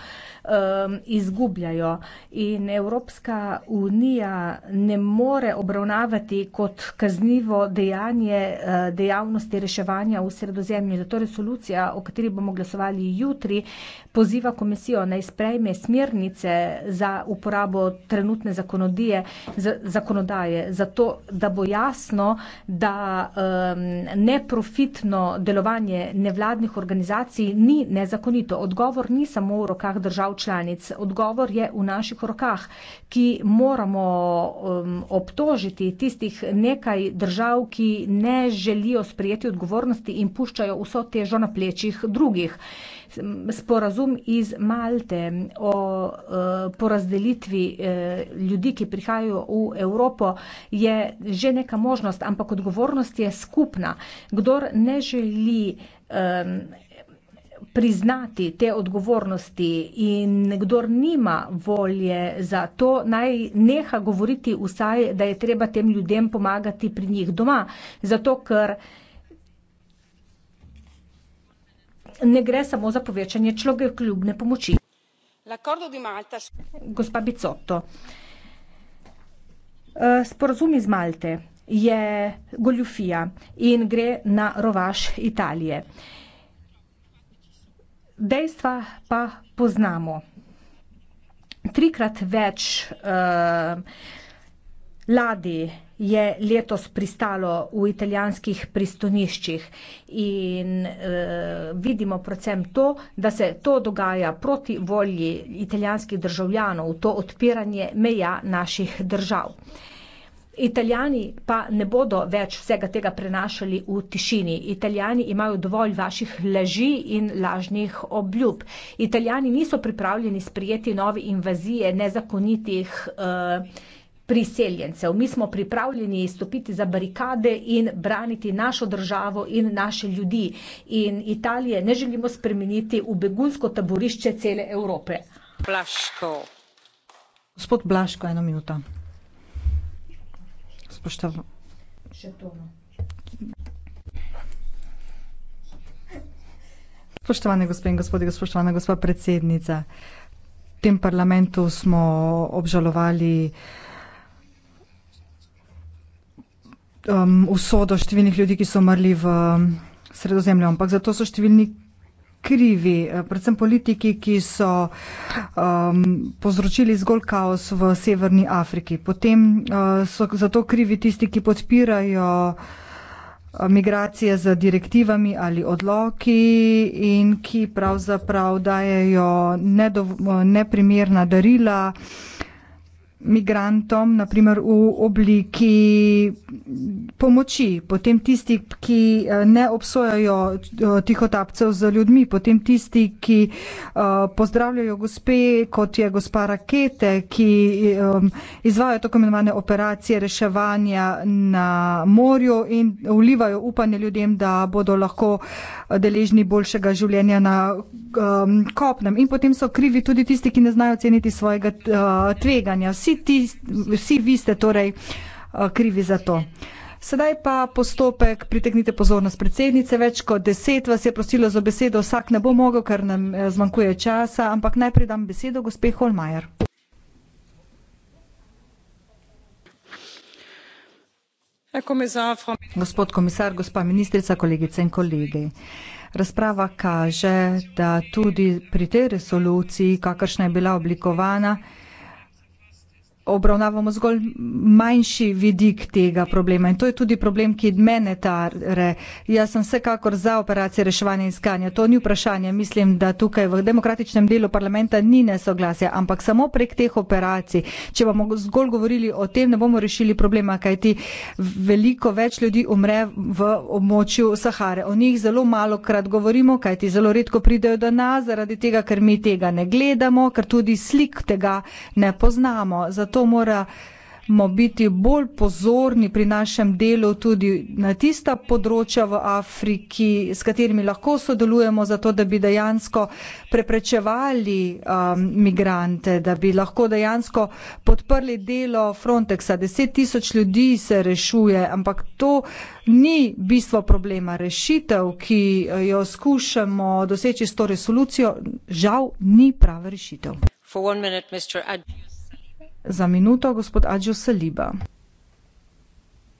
izgubljajo in Evropska unija ne more obravnavati kot kaznivo dejanje eh, dejavnosti reševanja v sredozemlju. Zato resolucija, o kateri bomo glasovali jutri, poziva komisijo naj sprejme smernice za uporabo trenutne zakonodaje. Zato to, da bo jasno, da um, neprofitno delovanje nevladnih organizacij ni nezakonito. Odgovor ni samo v rokah držav članic, odgovor je v naših rokah, ki moramo um, obtožiti tistih nekaj držav, ki ne želijo sprejeti odgovornosti in puščajo vso težo na plečih drugih sporazum iz Malte o eh, porazdelitvi eh, ljudi, ki prihajajo v Evropo, je že neka možnost, ampak odgovornost je skupna. Kdor ne želi eh, priznati te odgovornosti in kdor nima volje za to, naj neha govoriti vsaj, da je treba tem ljudem pomagati pri njih doma. Zato, ker ne gre samo za povečanje človekoljubne pomoči. Gospa Bizzotto, eh, sporazum iz Malte je goljufija in gre na rovaš Italije. Dejstva pa poznamo. Trikrat več, eh, ladij je letos pristalo v italijanskih pristaniščih. In e, vidimo predvsem to, da se to dogaja proti volji italijanskih državljanov, to odpiranje meja naših držav. Italijani pa ne bodo več vsega tega prenašali v tišini. Italijani imajo dovolj vaših laži in lažnih obljub. Italijani niso pripravljeni sprijeti nove invazije nezakonitih. E, priseljencev. Mi smo pripravljeni stopiti za barikade in braniti našo državo in naše ljudi. In Italije ne želimo spremeniti v begunsko taborišče cele Evrope. Blaško. Gospod Blaško, ena minuta. Spoštovane. No. Spoštovane gospe in gospodje, spoštovana gospa predsednica. V tem parlamentu smo obžalovali uh, um, usodo številnih ljudi, ki so umrli v um, sredozemlju, ampak zato so številni krivi, eh, predvsem politiki, ki so um, povzročili zgolj kaos v Severni Afriki. Potem uh, so zato krivi tisti, ki podpirajo eh, migracije z direktivami ali odloki in ki pravzaprav dajejo neprimerna darila uh, migrantom, naprimer v obliki pomoči, potem tisti, ki eh, ne obsojajo eh, tihotapcev za ljudmi, potem tisti, ki eh, pozdravljajo gospe, kot je gospa Rakete, ki izvajo tako imenovane operacije reševanja na morju in vlivajo upanje ljudem, da bodo lahko deležni boljšega življenja na kopnem. In potem so krivi tudi tisti, ki ne znajo ceniti svojega tveganja. Vsi vsi, ti, vsi vi ste torej eh, krivi za to. Sedaj pa postopek, pritegnite pozornost predsednice, več kot deset vas je prosilo za besedo, vsak ne bo mogel, ker nam eh, zmanjkuje časa, ampak najprej dam besedo gospe Holmajer. Gospod komisar, gospa ministrica, kolegice in kolegi. Razprava kaže, da tudi pri tej resoluciji, kakršna je bila oblikovana, obravnavamo zgolj manjši vidik tega problema in to je tudi problem, ki mene tare. Jaz sem vsekakor za operacije reševanja in iskanja. To ni vprašanje. Mislim, da tukaj v demokratičnem delu parlamenta ni nesoglasja, ampak samo prek teh operacij. Če bomo zgolj govorili o tem, ne bomo rešili problema, kajti veliko več ljudi umre v območju Sahare. O njih zelo malo krat govorimo, kajti zelo redko pridejo do nas, zaradi tega, ker mi tega ne gledamo, ker tudi slik tega ne poznamo. Zato zato moramo biti bolj pozorni pri našem delu tudi na tista področja v Afriki, s katerimi lahko sodelujemo, zato da bi dejansko preprečevali um, migrante, da bi lahko dejansko podprli delo Frontexa. Deset tisoč ljudi se rešuje, ampak to ni bistvo problema. Rešitev, ki uh, jo skušamo doseči s to resolucijo, žal ni prava rešitev. For one minute, Mr. Adjus. Za minuto gospod Adžo Saliba.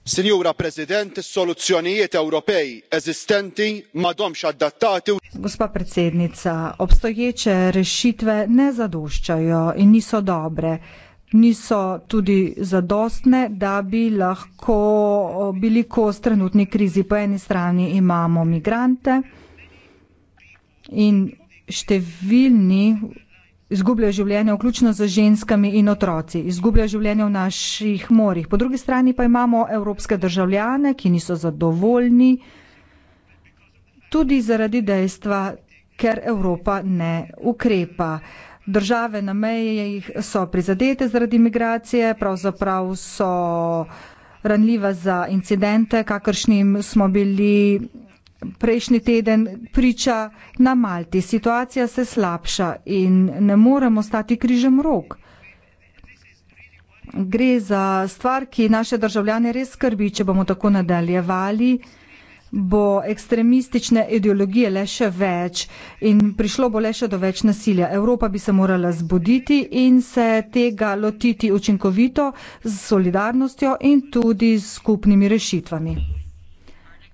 Signora President, solucionijiet europei esistenti ma domš adattati... Gospa predsednica, obstoječe rešitve ne zadoščajo in niso dobre. Niso tudi zadostne, da bi lahko bili kos trenutni krizi. Po eni strani imamo migrante in številni izgubljajo življenje, vključno z ženskami in otroci, izgubljajo življenje v naših morjih. Po drugi strani pa imamo evropske državljane, ki niso zadovoljni tudi zaradi dejstva, ker Evropa ne ukrepa. Države na meji so prizadete zaradi migracije, pravzaprav so ranljiva za incidente, kakršnim smo bili prejšnji teden priča na Malti. Situacija se slabša in ne moremo stati križem rok. Gre za stvar, ki naše državljane res skrbi, če bomo tako nadaljevali, bo ekstremistične ideologije le še več in prišlo bo le še do več nasilja. Evropa bi se morala zbuditi in se tega lotiti učinkovito, z solidarnostjo in tudi s skupnimi rešitvami.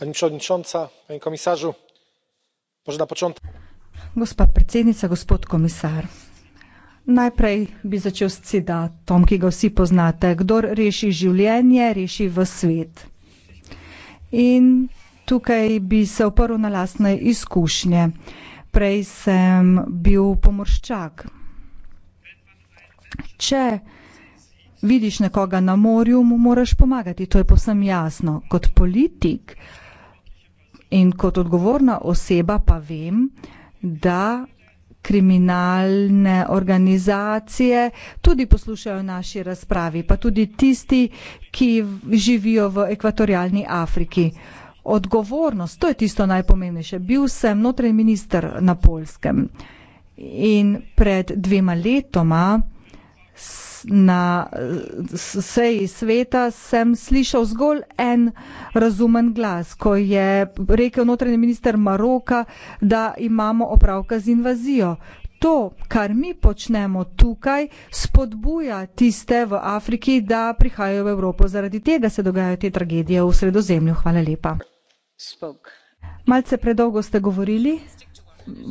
pani przewodnicząca! panie komisarzu! gospa predsednica gospod komisar najprej bi začel s citatom ki ga vsi poznate kdor reši življenje reši v svet in tukaj bi se oprl na lastne izkušnje prej sem bil pomorščak če vidiš nekoga na morju mu moraš pomagati to je povsem jasno kot politik In kot odgovorna oseba pa vem, da kriminalne organizacije tudi poslušajo naši razpravi, pa tudi tisti, ki živijo v ekvatorijalni Afriki. Odgovornost, to je tisto najpomembnejše. Bil sem notranji minister na Poljskem in pred dvema letoma na seji sveta sem slišal zgolj en razumen glas, ko je rekel notranji minister Maroka, da imamo opravka z invazijo. To, kar mi počnemo tukaj, spodbuja tiste v Afriki, da prihajajo v Evropo zaradi tega, da se dogajajo te tragedije v sredozemlju. Hvala lepa. Malce predolgo ste govorili.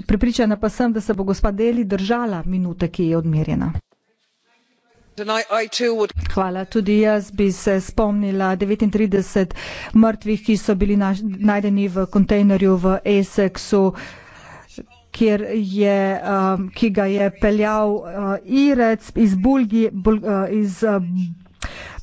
Pripričana pa sem, da se bo gospa Deli držala minute, ki je odmerjena. Hvala. Tudi jaz bi se spomnila 39 mrtvih, ki so bili najdeni v kontejnerju v Essexu, kjer je, um, ki ga je peljal uh, Irec iz Bulgi, uh, iz Bulgarije. Um,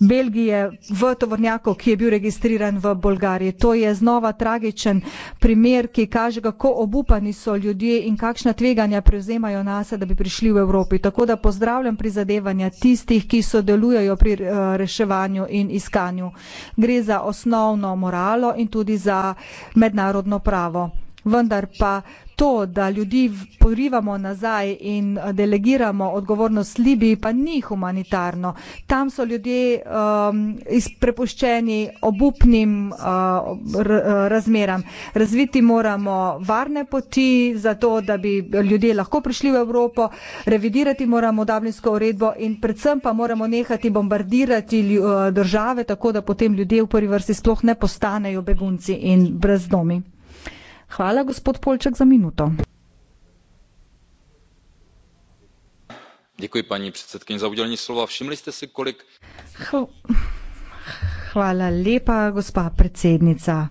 Belgije v tovornjaku, ki je bil registriran v Bolgariji. To je znova tragičen primer, ki kaže, kako obupani so ljudje in kakšna tveganja prevzemajo nas, da bi prišli v Evropi. Tako da pozdravljam prizadevanja tistih, ki sodelujejo pri eh, reševanju in iskanju. Gre za osnovno moralo in tudi za mednarodno pravo. Vendar pa to, da ljudi porivamo nazaj in eh, delegiramo odgovornost Libiji, pa ni humanitarno. Tam so ljudje um, prepuščeni obupnim uh, razmeram. Razviti moramo varne poti, zato da bi ljudje lahko prišli v Evropo, revidirati moramo davninsko uredbo in predvsem pa moramo nehati bombardirati države, tako da potem ljudje v prvi vrsti sploh ne postanejo begunci in brezdomi. Hvala, gospod Polček, za minuto. Děkuji, paní předsedkyně, za udělení slova. Všimli jste si, kolik. Hvala lepa, gospa predsednica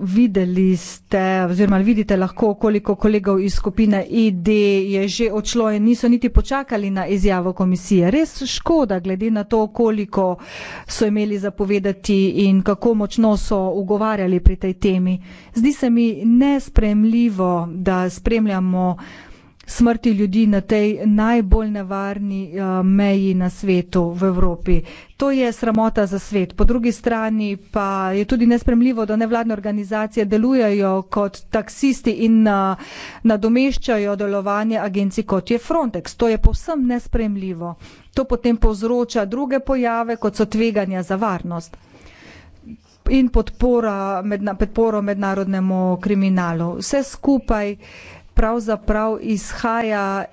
videli ste oziroma vidite lahko, koliko kolegov iz skupine ID e je že odšlo in niso niti počakali na izjavo komisije. Res škoda, glede na to, koliko so imeli zapovedati in kako močno so ugovarjali pri tej temi. Zdi se mi nespremljivo, da spremljamo smrti ljudi na tej najbolj nevarni eh, meji na svetu, v Evropi. To je sramota za svet. Po drugi strani pa je tudi nespremljivo, da nevladne organizacije delujejo kot taksisti in eh, nadomeščajo delovanje agencij, kot je Frontex. To je povsem nespremljivo. To potem povzroča druge pojave, kot so tveganja za varnost in podpora, med, podporo mednarodnemu kriminalu. Vse skupaj pravzaprav izhaja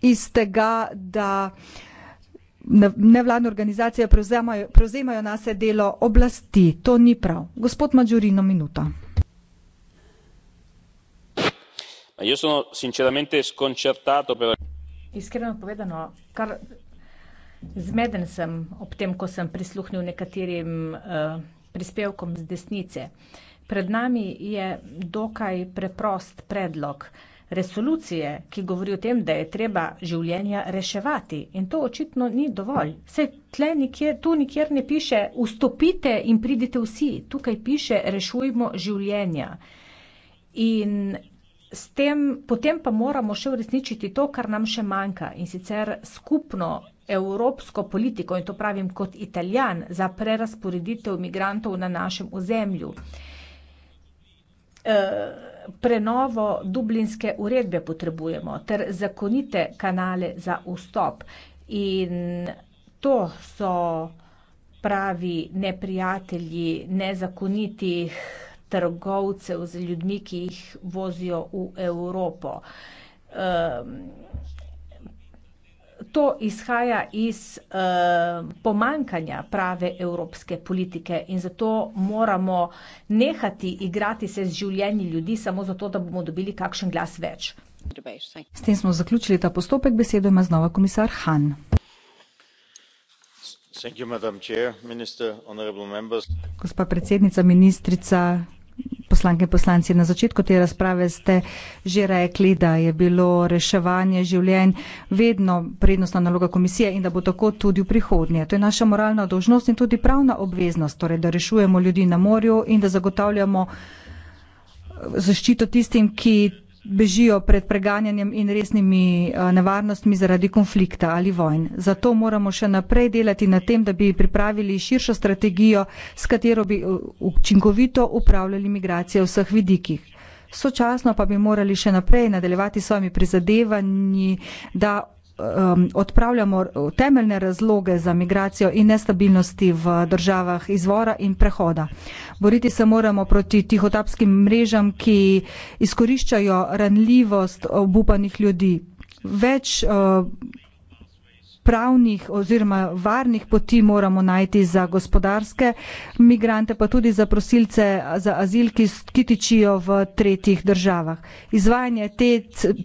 iz tega, da nevladne organizacije prevzemajo, prevzemajo na se delo oblasti. To ni prav. Gospod Mađurino, minuta. Iskreno povedano, kar zmeden sem ob tem, ko sem prisluhnil nekaterim uh, prispevkom z desnice. Uh, Pred nami je dokaj preprost predlog resolucije, ki govori o tem, da je treba življenja reševati. In to očitno ni dovolj. Se tle nikjer, tu nikjer ne piše, vstopite in pridite vsi. Tukaj piše, rešujmo življenja. In s tem, potem pa moramo še uresničiti to, kar nam še manjka. In sicer skupno evropsko politiko, in to pravim kot italijan, za prerasporeditev migrantov na našem ozemlju. Eh, prenovo dublinske uredbe potrebujemo ter zakonite kanale za vstop. In to so pravi neprijatelji nezakonitih trgovcev z ljudmi, ki jih vozijo v Evropo. Ehm, to izhaja iz uh, eh, pomankanja prave evropske politike in zato moramo nehati igrati se z življenji ljudi samo zato, da bomo dobili kakšen glas več. S tem smo zaključili ta postopek. Besedo ima znova komisar Han. Gospa predsednica, ministrica, poslanke in poslanci, na začetku te razprave ste že rekli, da je bilo reševanje življenj vedno prednostna naloga komisije in da bo tako tudi v prihodnje. To je naša moralna dožnost in tudi pravna obveznost, torej da rešujemo ljudi na morju in da zagotavljamo zaščito tistim, ki bežijo pred preganjanjem in resnimi eh, nevarnostmi zaradi konflikta ali vojn. Zato moramo še naprej delati na tem, da bi pripravili širšo strategijo, s katero bi eh, učinkovito upravljali migracije v vseh vidikih. Sočasno pa bi morali še naprej nadaljevati s svojimi prizadevanji, da um, odpravljamo temeljne razloge za migracijo in nestabilnosti v državah izvora in prehoda. Boriti se moramo proti tihotapskim mrežam, ki izkoriščajo ranljivost obupanih ljudi. Več uh, pravnih oziroma varnih poti moramo najti za gospodarske migrante, pa tudi za prosilce za azil, ki, ki tičijo v tretjih državah. Izvajanje te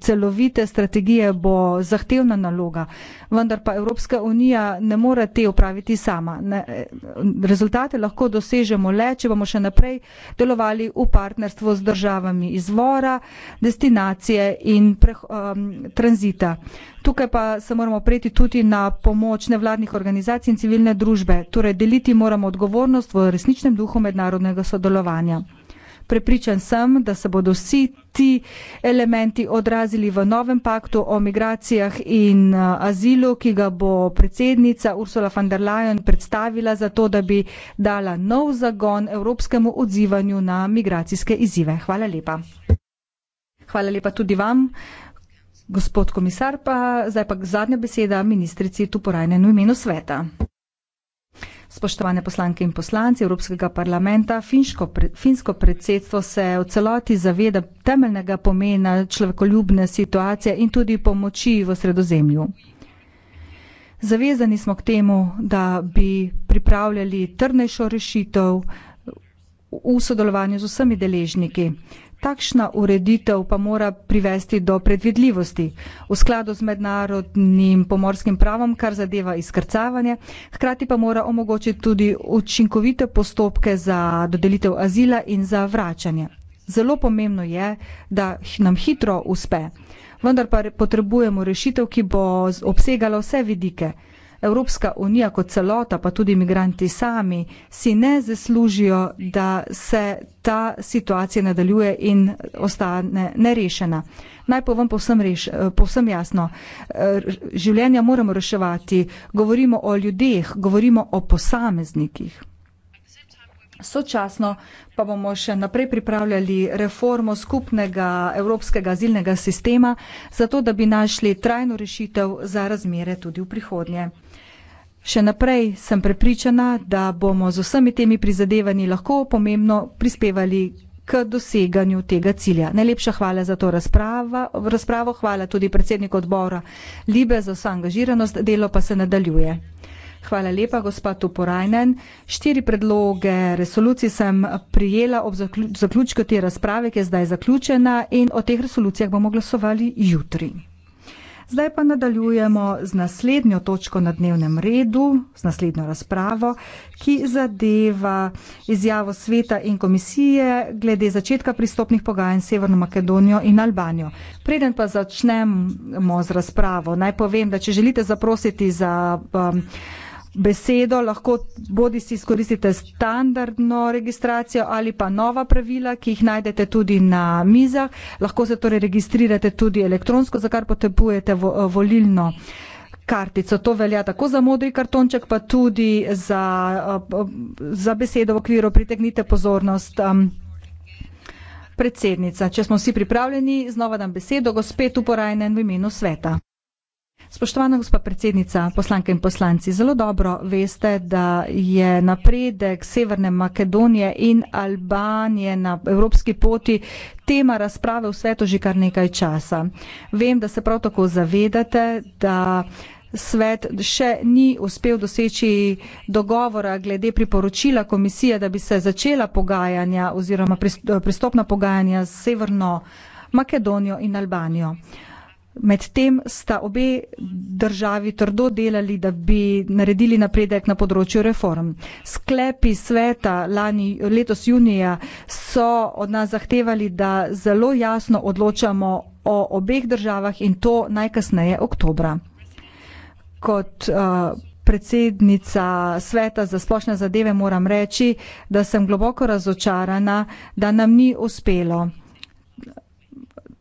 celovite strategije bo zahtevna naloga vendar pa Evropska unija ne more te upraviti sama. Ne, rezultate lahko dosežemo le, če bomo še naprej delovali v partnerstvu z državami izvora, destinacije in pre, um, tranzita. Tukaj pa se moramo preti tudi na pomoč nevladnih organizacij in civilne družbe. Torej, deliti moramo odgovornost v resničnem duhu mednarodnega sodelovanja. Prepričan sem, da se bodo vsi ti elementi odrazili v novem paktu o migracijah in uh, azilu, ki ga bo predsednica Ursula von der Leyen predstavila za to, da bi dala nov zagon evropskemu odzivanju na migracijske izzive. Hvala lepa. Hvala lepa tudi vam, gospod komisar, pa zdaj pa zadnja beseda ministrici Tuporajne v imenu sveta. Spoštovane poslanke in poslanci Evropskega parlamenta, finsko, pre, finsko predsedstvo se v celoti zaveda temeljnega pomena človekoljubne situacije in tudi pomoči v sredozemlju. Zavezani smo k temu, da bi pripravljali trdnejšo rešitev v sodelovanju z vsemi deležniki. Takšna ureditev pa mora privesti do predvidljivosti v skladu z mednarodnim pomorskim pravom, kar zadeva izkrcavanje, hkrati pa mora omogočiti tudi učinkovite postopke za dodelitev azila in za vračanje. Zelo pomembno je, da nam hitro uspe, vendar pa potrebujemo rešitev, ki bo obsegala vse vidike. Evropska unija kot celota, pa tudi imigranti sami, si ne zaslužijo, da se ta situacija nadaljuje in ostane nerešena. Naj povem povsem, reš, povsem jasno, življenja moramo reševati, govorimo o ljudeh, govorimo o posameznikih. Sočasno pa bomo še naprej pripravljali reformo skupnega evropskega azilnega sistema, zato da bi našli trajno rešitev za razmere tudi v prihodnje. Še naprej sem prepričana, da bomo z vsemi temi prizadevanji lahko pomembno prispevali k doseganju tega cilja. Najlepša hvala za to razpravo. razpravo. Hvala tudi predsedniku odbora Libe za vso angažiranost. Delo pa se nadaljuje. Hvala lepa, gospod Tuporajnen. Štiri predloge resolucij sem prijela ob zaključku te razprave, ki je zdaj zaključena in o teh resolucijah bomo glasovali jutri. Zdaj pa nadaljujemo z naslednjo točko na dnevnem redu, z naslednjo razpravo, ki zadeva izjavo sveta in komisije glede začetka pristopnih pogajanj s Severno Makedonijo in Albanijo. Preden pa začnemo z razpravo, naj povem, da če želite zaprositi za. Um, besedo, lahko bodi si izkoristite standardno registracijo ali pa nova pravila, ki jih najdete tudi na mizah. Lahko se torej registrirate tudi elektronsko, za kar potrebujete vo, volilno kartico. To velja tako za modri kartonček, pa tudi za, za besedo v okviru. Pritegnite pozornost. Um, predsednica, če smo vsi pripravljeni, znova dam besedo, gospe Tuporajnen v imenu sveta. Spoštovana gospa predsednica, poslanke in poslanci, zelo dobro veste, da je napredek Severne Makedonije in Albanije na evropski poti tema razprave v svetu že kar nekaj časa. Vem, da se prav tako zavedate, da svet še ni uspel doseči dogovora glede priporočila komisije, da bi se začela pogajanja oziroma pristopna pogajanja s Severno Makedonijo in Albanijo. Medtem sta obe državi trdo delali, da bi naredili napredek na področju reform. Sklepi sveta lani, letos junija so od nas zahtevali, da zelo jasno odločamo o obeh državah in to najkasneje oktobra. Kot uh, predsednica sveta za splošne zadeve moram reči, da sem globoko razočarana, da nam ni uspelo.